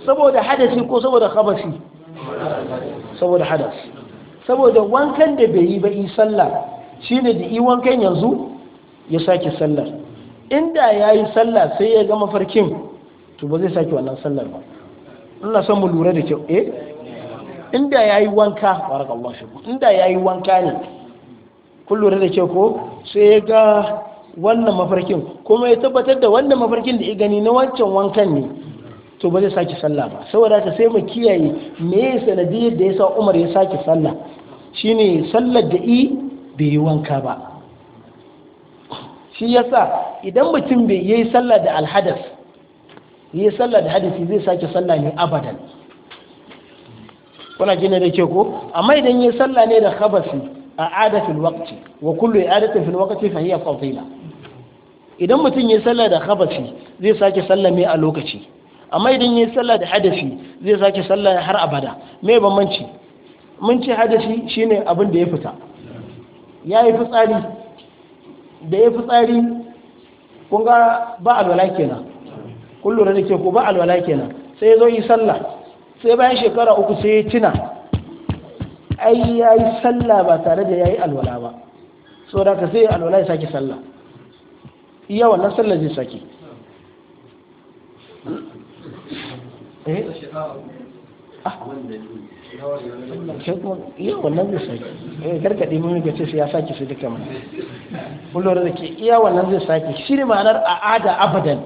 saboda hadasi ko saboda khabasi saboda hadasi saboda wankan da bai yi ba yi sallah shine da yi wankan yanzu ya sake sallar inda ya yi sallah sai ya ga mafarkin to ba zai sake wannan sallar ba ina son mu lura da kyau eh inda ya yi wanka barakallahu fiku inda yi wanka ne kullum da ke ko sai ya ga wannan mafarkin kuma ya tabbatar da wannan mafarkin da ya gani na wancan wankan ne to ba zai sake salla ba saboda ta sai mu kiyaye me ya sanadiyar da ya sa umar ya sake sallah shine sallar da bai yi wanka ba shi ya sa idan mutum bai yi sallah da alhadas yi sallah da hadisi zai sake sallah ne abadan kuna jina da ke ko amma idan yi sallah ne da khabasi a adatul waqti wa kullu i'adatin fil waqti fa hiya fadila idan mutum yi sallah da khabasi zai sake sallah mai a lokaci amma idan yi sallah da hadasi zai sake sallah har abada me bambanci mun ce hadasi shine abin da ya fita ya yi fitsari da ya fitsari kun ga ba alwala kenan kullu da ke ko ba alwala kenan sai ya zo yi sallah sai bayan shekara uku sai ya tuna ai ya yi sallah ba tare da ya yi alwala ba so da ka sai alwala ya sake sallah iya wannan sallah zai sake eh? ah. iya wannan zai sake eh gargaɗe mun ga ce sai ya sake su duka mana kullum da ke iya wannan zai sake shi ne ma'anar a'ada abadan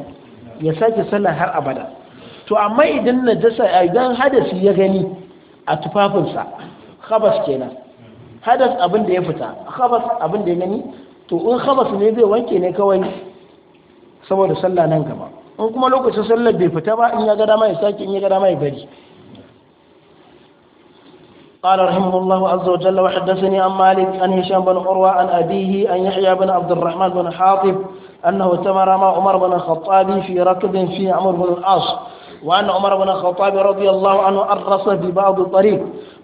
ya sake sallah har abadan. to amma idan najasa idan hadasi ya gani a tufafinsa khabas kenan hadas abin da ya fita khabas abin da ya gani to in khabas ne zai wanke ne kawai saboda sallah nan gaba in kuma lokacin sallar bai fita ba in ya ga dama ya saki? in ya ga dama ya bari قال رحمه الله عز وجل وحدثني عن مالك عن هشام بن عروة عن أبيه عن يحيى بن عبد الرحمن بن حاطب أنه تمر مع عمر بن الخطاب في ركب في عمرو بن العاص وأن عمر بن الخطاب رضي الله عنه أرس في بعض الطريق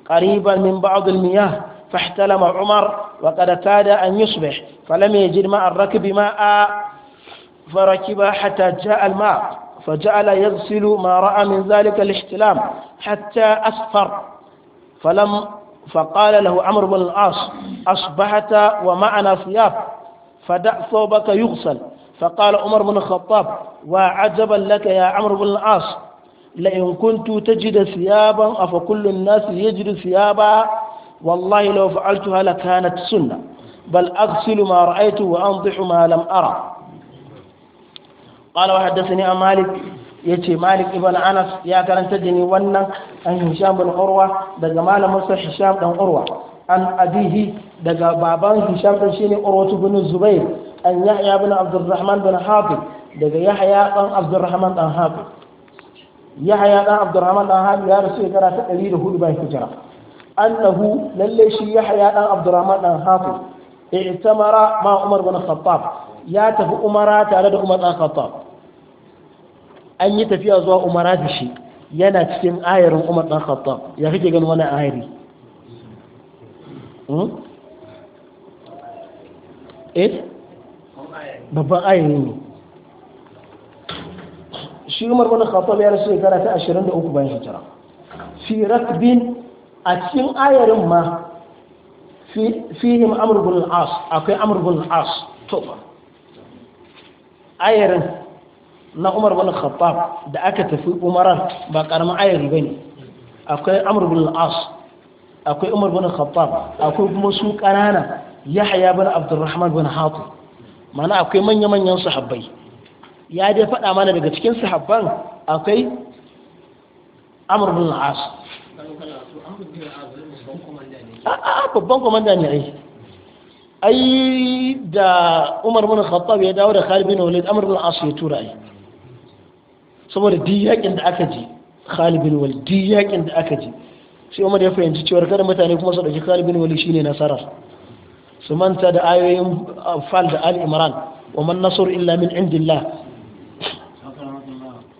قريبا من بعض المياه فاحتلم عمر وقد اعتاد أن يصبح فلم يجد ماء الركب ماء فركب حتى جاء الماء فجعل يغسل ما رأى من ذلك الاحتلام حتى أسفر فلم فقال له عمرو بن العاص أصبحت ومعنا ثياب فدع ثوبك يغسل فقال عمر بن الخطاب وعجبا لك يا عمرو بن العاص la'in ta ji da siyaban a fakullun nasu ya ji da siyaba wallahi lau fa'altu halaka suna bal aksilu ma ra'aitu wa an zuhu ma ara ƙwala wa a malik ya malik ibn anas ya karanta jini wannan an hisham bin urwa daga malamar sa hisham dan urwa an abihi daga baban hisham dan shine urwa bin zubair an yahya bin abdurrahman bin hafid daga yahya dan abdurrahman dan yahaya dan abdurrahman dan hali ya rasu shekara ta 104 bayan hijira annahu lalle shi yahaya dan abdurrahman dan hafi i'tamara ma umar bin khattab ya tafi umara tare da umar dan khattab an yi tafiya zuwa umara da shi yana cikin ayarin umar dan khattab ya kike ganin wannan ayari hmm? eh babban ayari ne shi umar bin khattab ya rashe shekara ta 23 bayan hijira fi rakbin a cikin ayarin ma fihim amr bin as akwai amr bin as to ayarin na umar bin khattab da aka tafi umaran ba karamin ayari bane akwai amr bin as akwai umar bin khattab akwai kuma su kanana yahya bin abdurrahman bin hatib mana akwai manya-manyan sahabbai ya dai faɗa mana daga cikin sahabban akwai amur bin as a'a babban komanda ne ai ai da umar bin khattab ya dawo da khalid bin walid amur bin as ya tura ai saboda di yakin da aka ji khalid bin walid di yakin da aka ji sai umar ya fahimci cewar kada mutane kuma su dauki khalid bin walid shine nasarar su manta da ayoyin fal da al imran wa man nasr illa min indillah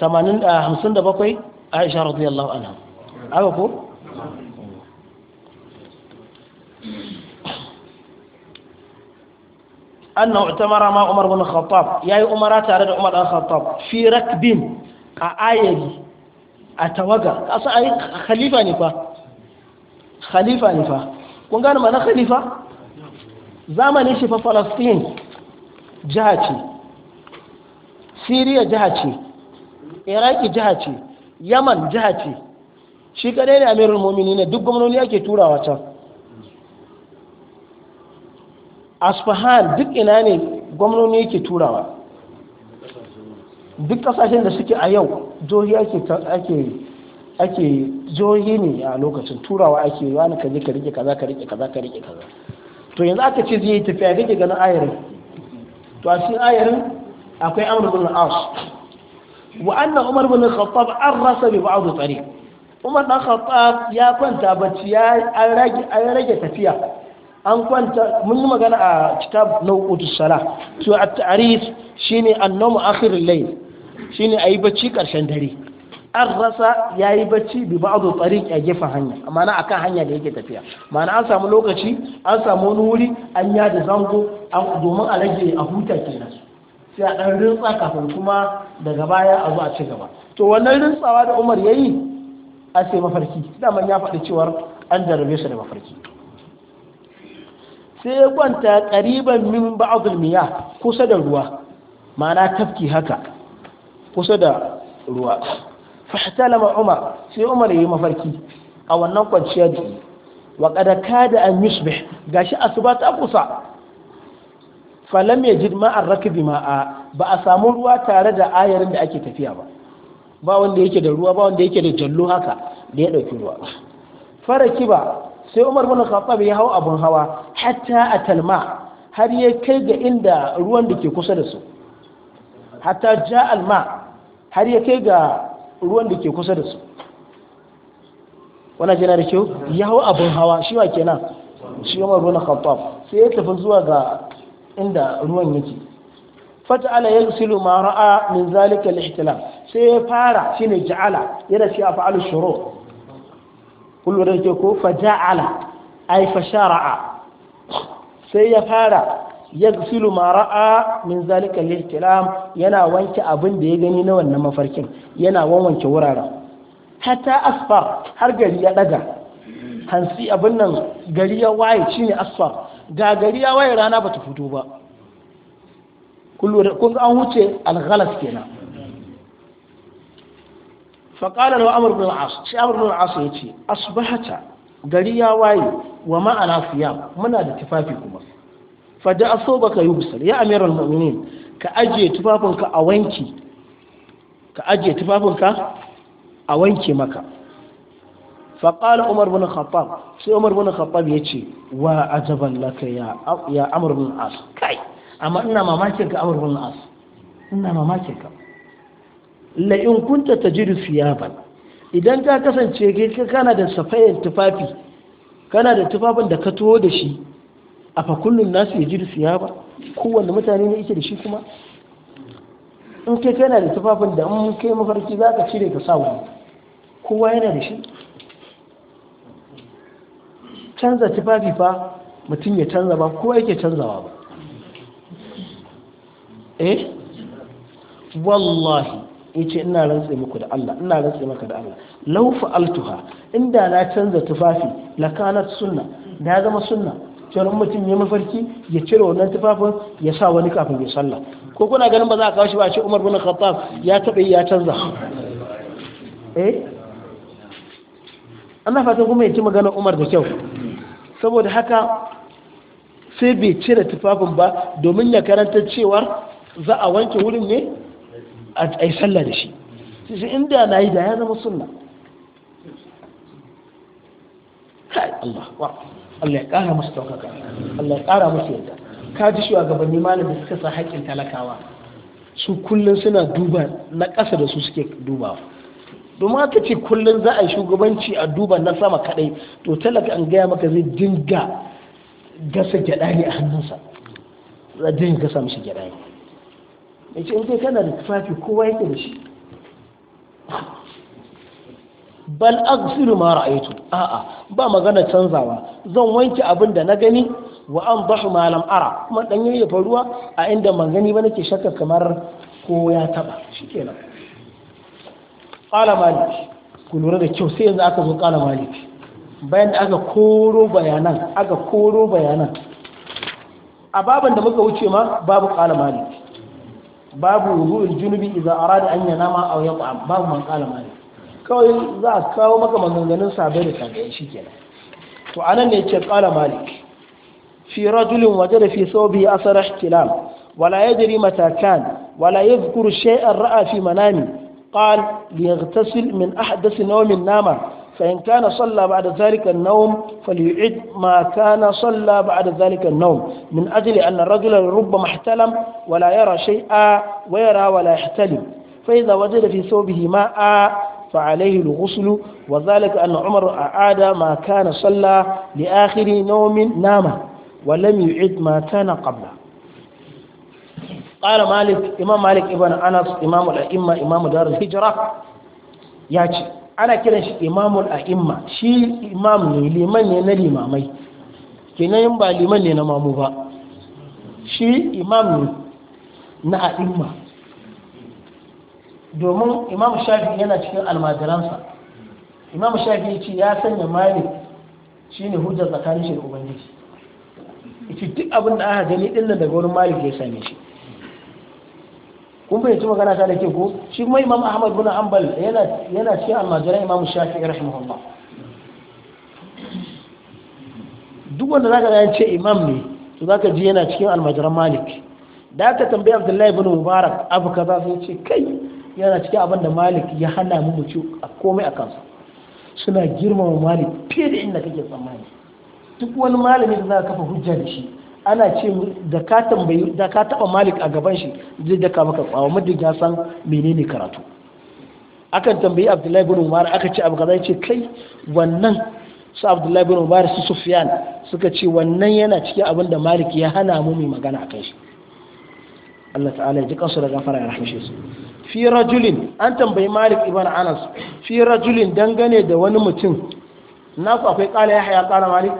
57 aisha radiyallahu anha aka ko annahu utamara ma umar bin khattab yayi umara tare da umar bin khattab fi rakbin a ayari a tawaga kasa ayi khalifa ne fa khalifa ne fa kun gane mana khalifa zamanin shi fa falastin jiha ce siriya jiha ce iraki jiha ce yaman jiha ce shi kadai ne amirul mumini ne duk gwamnoni ake turawa can asfahan duk ina ne gwamnoni yake turawa duk kasashen da suke a yau jihohi ake ake jihohi ne a lokacin turawa ake wani ka ka rike kaza ka rike kaza ka rike kaza to yanzu aka ce zai yi tafiya kake ganin ayarin to a cikin ayarin akwai amr bin al wa anna umar bin khattab an rasa bi ba'd tariq umar dan khattab ya kwanta bacci ya an rage tafiya an kwanta mun yi magana a kitab nau'utus sala to at-ta'rif shine an akhir al-layl shine ayi bacci karshen dare an yayi bacci bi ba tariq a gefen hanya mana akan hanya da yake tafiya mana an samu lokaci an samu wani wuri an ya da zango domin a rage a huta kenan sai a dan rinsa kafin kuma daga baya a zo a ci gaba to wannan rintsawa da umar ya yi a sai mafarki daman ya faɗi cewar an jarabe shi da mafarki sai ya kwanta ƙariban min ba'adul miya kusa da ruwa ma'ana tafki haka kusa da ruwa fahtalama umar sai umar ya yi mafarki a wannan kwanciya da wa kada kada an yusbih gashi asuba ta kusa falam ya jid ma'ar rakibi ma'a ba a samu ruwa tare da ayarin da ake tafiya ba ba wanda yake da ruwa ba wanda yake da jallo haka da ya ɗauki ruwa faraki ba sai umar bin khattab ya hau abun hawa hatta a talma har ya kai ga inda ruwan da ke kusa da su hatta ja alma har ya kai ga ruwan da ke kusa da su wannan jana da kyau ya hau abun hawa shi wa kenan shi umar bin khattab sai ya tafi zuwa ga inda ruwan yake fata'ala yagsilu ma ra'a min zalika al-ihtilam sai ya fara shine ja'ala yana shi a fa'alu shuru kullu da ko fa ja'ala ay fa sai ya fara yagsilu ma ra'a min zalika al-ihtilam yana wanke abin da ya gani na wannan mafarkin yana wanwanke wuraren hatta asfar har gari ya daga hansi abin nan gari ya waye shine asfar ga gari ya waye rana bata fito ba kun an wuce alghalas kenan faƙala da amur bin as shi amur bin as ya ce asbahata gari ya waye wa ma'ana fiya muna da tufafi kuma fada aso baka yubsal ya amiral mu'minin ka ajiye tufafinka a wanki ka ajiye tufafinka a wanke maka فقال عمر بن الخطاب سي عمر بن الخطاب يجي وعجبا لك يا يا عمرو بن العاص كاي اما ان ماماكين عمرو بن العاص ان ماماكين كا لئن كنت تجد ثيابا idan ka kasance kana da safayin tufafi kana da tufafin da ka tuwo da shi a fakullun nasu ya jiru siya ba kowanne mutane ne yake da shi kuma in kai kana da tufafin da in kai mafarki za ka cire ka sa wani kowa yana da shi canza tufafi fa mutum ya canza ba kowa yake canzawa ba eh wallahi yace ina rantse muku da Allah ina rantse maka da Allah law fa'altuha inda na canza tufafi la kanat sunna da zama sunna kiran mutum ya mafarki ya cire wannan tufafin ya sa wani kafin ya sallah ko kuna ganin ba za a kawo shi ba a ce Umar bin Khattab ya tabe ya canza eh Allah ta kuma ya ci magana Umar da kyau saboda haka sai bai cire tufafin ba domin ya karanta cewar za a wanke wurin ne a yi sallah da shi sai inda na yi da ya zama sunna kai Allah wa Allah ya ƙara musu taukaka Allah ya ƙara musu yadda ka ji shugabanni malamin suka sa haƙƙin talakawa su kullum suna duba na ƙasa da su suke dubawa domin aka ce kullum za a yi shugabanci a duba na sama kadai to talaka an gaya maka zai dinga gasa gyada ne a hannunsa za a dinga gasa mishi gyada ne mai ce inda kai kana da tufafi kowa yake da shi bal aksiru ma ra'aitu a'a ba magana canzawa zan wanke abin da na gani wa an bahu malam ara kuma dan yayyafa ruwa a inda man gani ba nake shakka kamar ko ya taba shikenan Ƙala malik ku lura da kyau sai yanzu aka zo ƙala malik bayan da aka koro bayanan aka koro bayanan a baban da muka wuce ma babu ƙala malik babu wudu'ul junubi idza arada an ma aw yat'am babu man ƙala malik kawai za a kawo maka maganganun sabai da sabai shikenan to anan ne yake ƙala malik fi rajulin وجد fi sawbi asara ihtilam wala يدري mata kan wala yadhkuru shay'an ra'a fi manami قال ليغتسل من أحدث نوم نام فإن كان صلى بعد ذلك النوم فليعد ما كان صلى بعد ذلك النوم من أجل أن الرجل ربما احتلم ولا يرى شيئا ويرى ولا يحتلم فإذا وجد في ثوبه ماء فعليه الغسل وذلك أن عمر أعاد ما كان صلى لآخر نوم نام ولم يعد ما كان قبله ƙara malik imam malik ibn anas imamul a'imma imamu darul hijira ya ce ana kiran shi imamul a'imma shi imam ne liman ne na limamai kenan yin ba liman ne na mamu ba shi imam ne na a'imma domin imam shafi yana cikin almajiransa imam shafi yace ya sanya malik shi ne hujjar tsakanin shi da ubangiji ita duk abin da aka gani ɗin daga wurin malik ya same shi kun ci magana ta da ke ko shi kuma imam ahmad bin hanbal yana yana cikin almajira imam shafi'i rahimahullah duk wanda zaka ga yace imam ne to zaka ji yana cikin almajiran malik da aka tambaya abdullahi bin mubarak abu kaza sai ce kai yana cikin abinda malik ya hana mu mu ci komai a kansa suna girmama malik fiye da inda kake tsammani duk wani malami da zaka kafa hujja da shi ana ce da ka tambayi da ka taba malik a gaban shi zai daka maka tsawa muddin ya san menene karatu akan tambayi abdullahi bin umar aka ce abu kaza ce kai wannan su abdullahi bin umar su sufyan suka ce wannan yana cikin abin da malik ya hana mu mai magana akan shi Allah ta'ala ya ji kansu da gafara ya rahmishe su fi rajulin an tambayi malik ibn anas fi rajulin dangane da wani mutum ku akwai kala yahya kala malik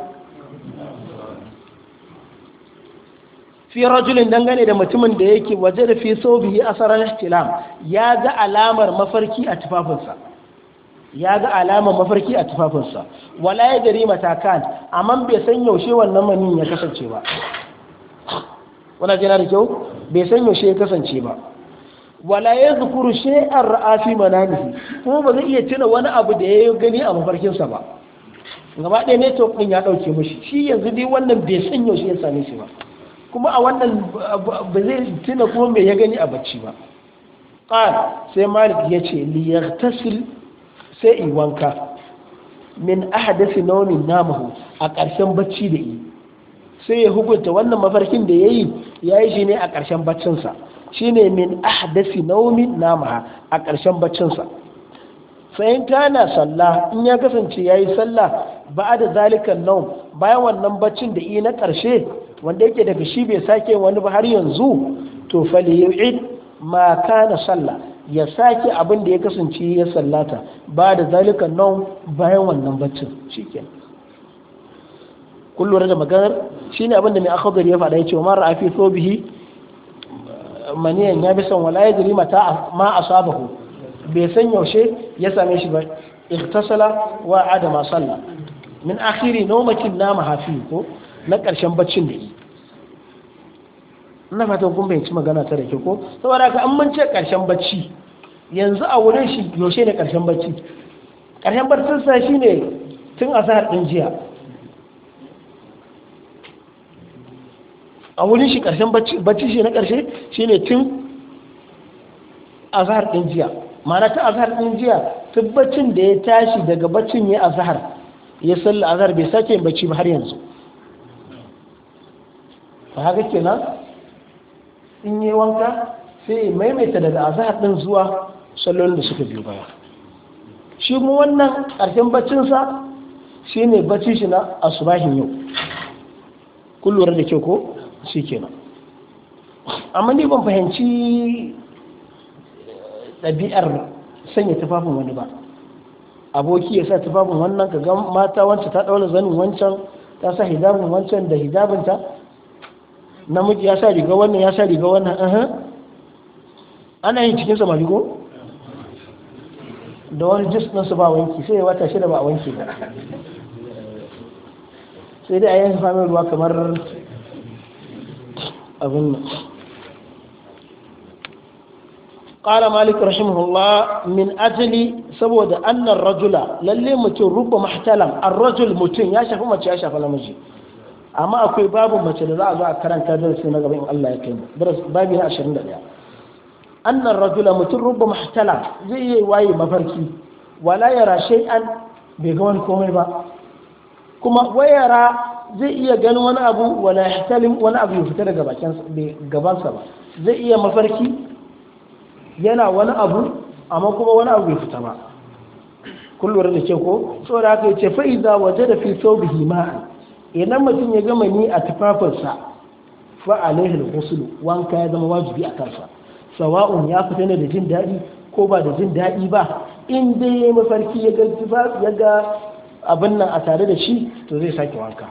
fi rajulin dangane da mutumin da yake waje da fi so bihi asarar ihtilam ya ga alamar mafarki a tufafinsa ya ga alamar mafarki a tufafinsa wala ya gari matakan amma bai san yaushe wannan manin ya kasance ba wala jina da kyau bai san yaushe ya kasance ba wala ya zukuru shay'an ra'afi manamihi kuma ba zai iya tuna wani abu da ya gani a mafarkinsa ba gaba ɗaya to ɗin ya ɗauke mashi shi yanzu dai wannan bai san yaushe ya same shi ba kuma a wannan ba zai tuna kuma mai ya gani a bacci ba ƙar sai malik ya ce liyar tasir sai in wanka min ahdasi nawmin namahu a ƙarshen bacci da yi sai ya hukunta wannan mafarkin da ya yi ya yi shi ne a ƙarshen baccinsa Shi ne min ahdasi nawmin namaha a ƙarshen baccinsa ta tana sallah in ya kasance ya yi sallah ba a da zalikan naum bayan wannan baccin da yi na ƙarshe wanda yake daga shi bai sake wani ba har yanzu to falyu'id ma kana Sallah ya sake abin da ya kasance ya sallata ba da zalika nan bayan wannan baccin shikenan kun da maganar shine abin da mai akhadar ya faɗa yace man ra'a fi maniyan ya bi san wala yadri mata ma asabahu bai san yaushe ya same shi ba ikhtasala wa adama sallah min akhiri nawmatin nama hafi ko na ƙarshen baccin da yi ina fatan kun ci magana ta da ke ko saboda ka an mance ƙarshen bacci yanzu a wurin shi yaushe ne ƙarshen bacci ƙarshen baccin sa ne tun a sahar ɗin jiya a wurin shi ƙarshen bacci shi na ƙarshe shi ne tun a sahar ɗin jiya mana ta azahar ɗin jiya tun baccin da ya tashi daga baccin ya azahar ya salla azahar bai sake yin bacci ba har yanzu to haka kenan in yi wanka sai maimaita daga azahar din zuwa salon da suka biyu baya shi mu wannan ƙarshen baccinsa shi ne bacci shi na asubahin yau kun da kyau ko shi kenan amma ni ban fahimci eh, ɗabi'ar sanya tufafin wani ba aboki ya sa tufafin wannan ka ga mata wancan ta ɗaura zanin wancan ta sa hidabin wancan da hidabinta. namiji ya sa ga wannan ya sa ga wannan aha ana yin cikin sama riga da wani jisnansu ba wanki sai wata shida ba wanki ba sai dai a yin famin ruwa kamar abin nan ƙara malik rashimullah min ajali saboda annan rajula lalle mutum rubba mahtalam an rajul mutum ya shafi mace ya shafi namiji amma akwai babu mace da za a zo a karanta darasi na gaba in Allah ya kai mu babu na 21 annar rajula mutum rubba mahtala zai yi waye mafarki wala yara shay'an bai ga wani komai ba kuma wayara zai iya ganin wani abu wala yahtalim wani abu ya fita daga bakin gabansa ba zai iya mafarki yana wani abu amma kuma wani abu bai fita ba kullum da ce ko saboda haka yace fa fa'iza wajada da fi sau bihi idan mutum ya gama ni a tufafinsa fa alaihi al-ghusl wanka ya zama wajibi a kansa sawa'un ya fita ne da jin daɗi ko ba da jin daɗi ba in dai ya mafarki ya ga ya abin nan a tare da shi to zai sake wanka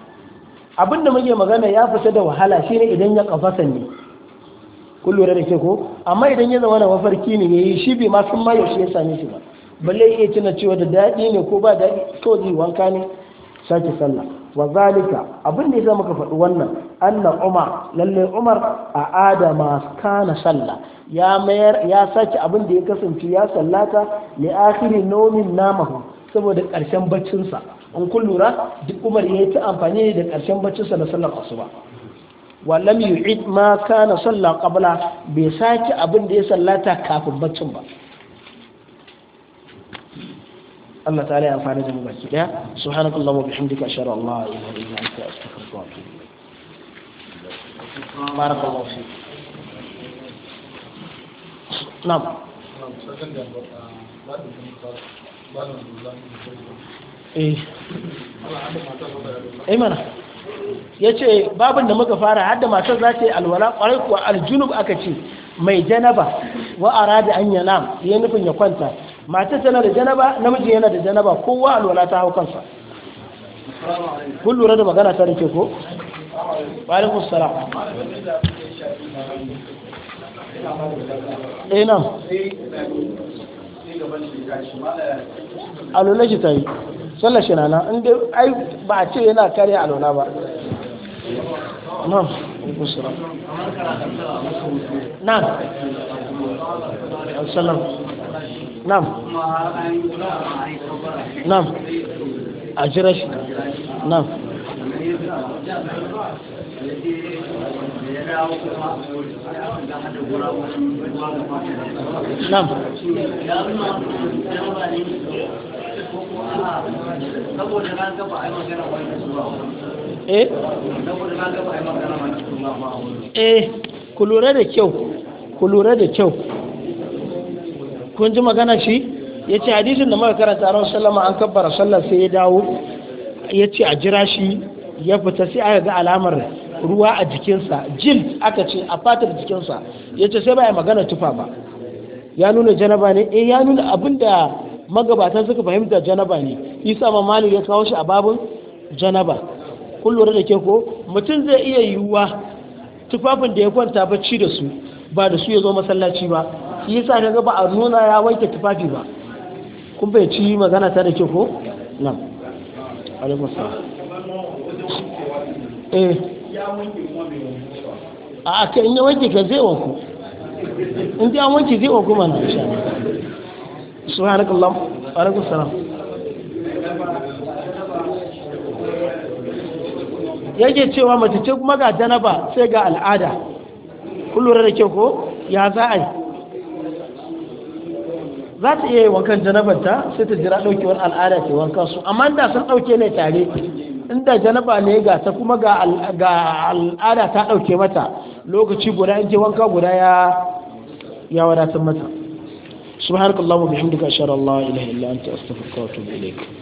abin da muke magana ya fita da wahala shine idan ya kafasa ne kun lura da ke ko amma idan ya zama na mafarki ne yayi shi bai ma san ma yaushe ya same shi ba balle ya tuna cewa da daɗi ne ko ba daɗi to zai wanka ne sake sallah wa zalika abin da yasa muka faɗi wannan anna umar lalle umar a adama kana sallah ya mayar ya sake abin da ya kasance ya sallata li akhiri nomin namahu saboda ƙarshen baccinsa. in kun lura duk umar yayi ta amfani da ƙarshen baccin sa na sallar asuba lam yu'id ma kana sallah qabla bai sake abin da ya sallata kafin baccin ba Allah ta'ala ya amfani da mu baki daya subhanakallahu wa bihamdika ashhadu an la ilaha illa anta astaghfiruka wa atubu ilaik barakallahu fi na'am eh, eh mana ya ce babin da muka fara hadda matar za ta yi alwala kwarai kuwa aljunub aka ce mai janaba wa arada an ya nufin ya kwanta mace tana da janaba namiji yana da janaba kowa alwala ta hau kansa kun lura da magana ta rike ko alaikum salam eh nan alwala shi ta yi tsalla shi nana inda ai ba a ce yana kare alwala ba nan alaikum salam nan na'am na'am a jira shi na'am na'am saboda eh? na eh, ku lura da kyau ku lura da kyau kun ji magana shi ya ce hadisin da muka karanta a sallama an kabbara sallar sai ya dawo ya ce a jira shi ya fita sai aka ga alamar ruwa a jikinsa jil aka ce a fatar jikinsa ya ce sai baya magana tufa ba ya nuna janaba ne eh ya nuna abin da magabatan suka fahimta janaba ne isa mamani ya kawo shi a babin janaba kun da ke ko mutum zai iya yiwuwa tufafin da ya kwanta bacci da su ba da su ya zo masallaci ba yasa ga ba a nuna ya wanke tufafi ba kun bai ci magana ta da ke ko na alaikun sa eh a aka yi wanke ka zai wanku in ji an wanke zai wanku mana su lam subhanakallah alaikum salam yake cewa mace ce kuma ga janaba sai ga al'ada kullum da ke ko ya za a yi za ta iya yi wankan janabanta sai ta jira ɗaukewar al'ada ce wankan su amma da sun ɗauke ne tare inda janaba ne ga ta kuma ga al'ada ta ɗauke mata lokaci guda in je wanka guda ya ya wadatar mata subhanakallahu bihamdika ashhadu an la ilaha illa anta astaghfiruka wa atubu ilaik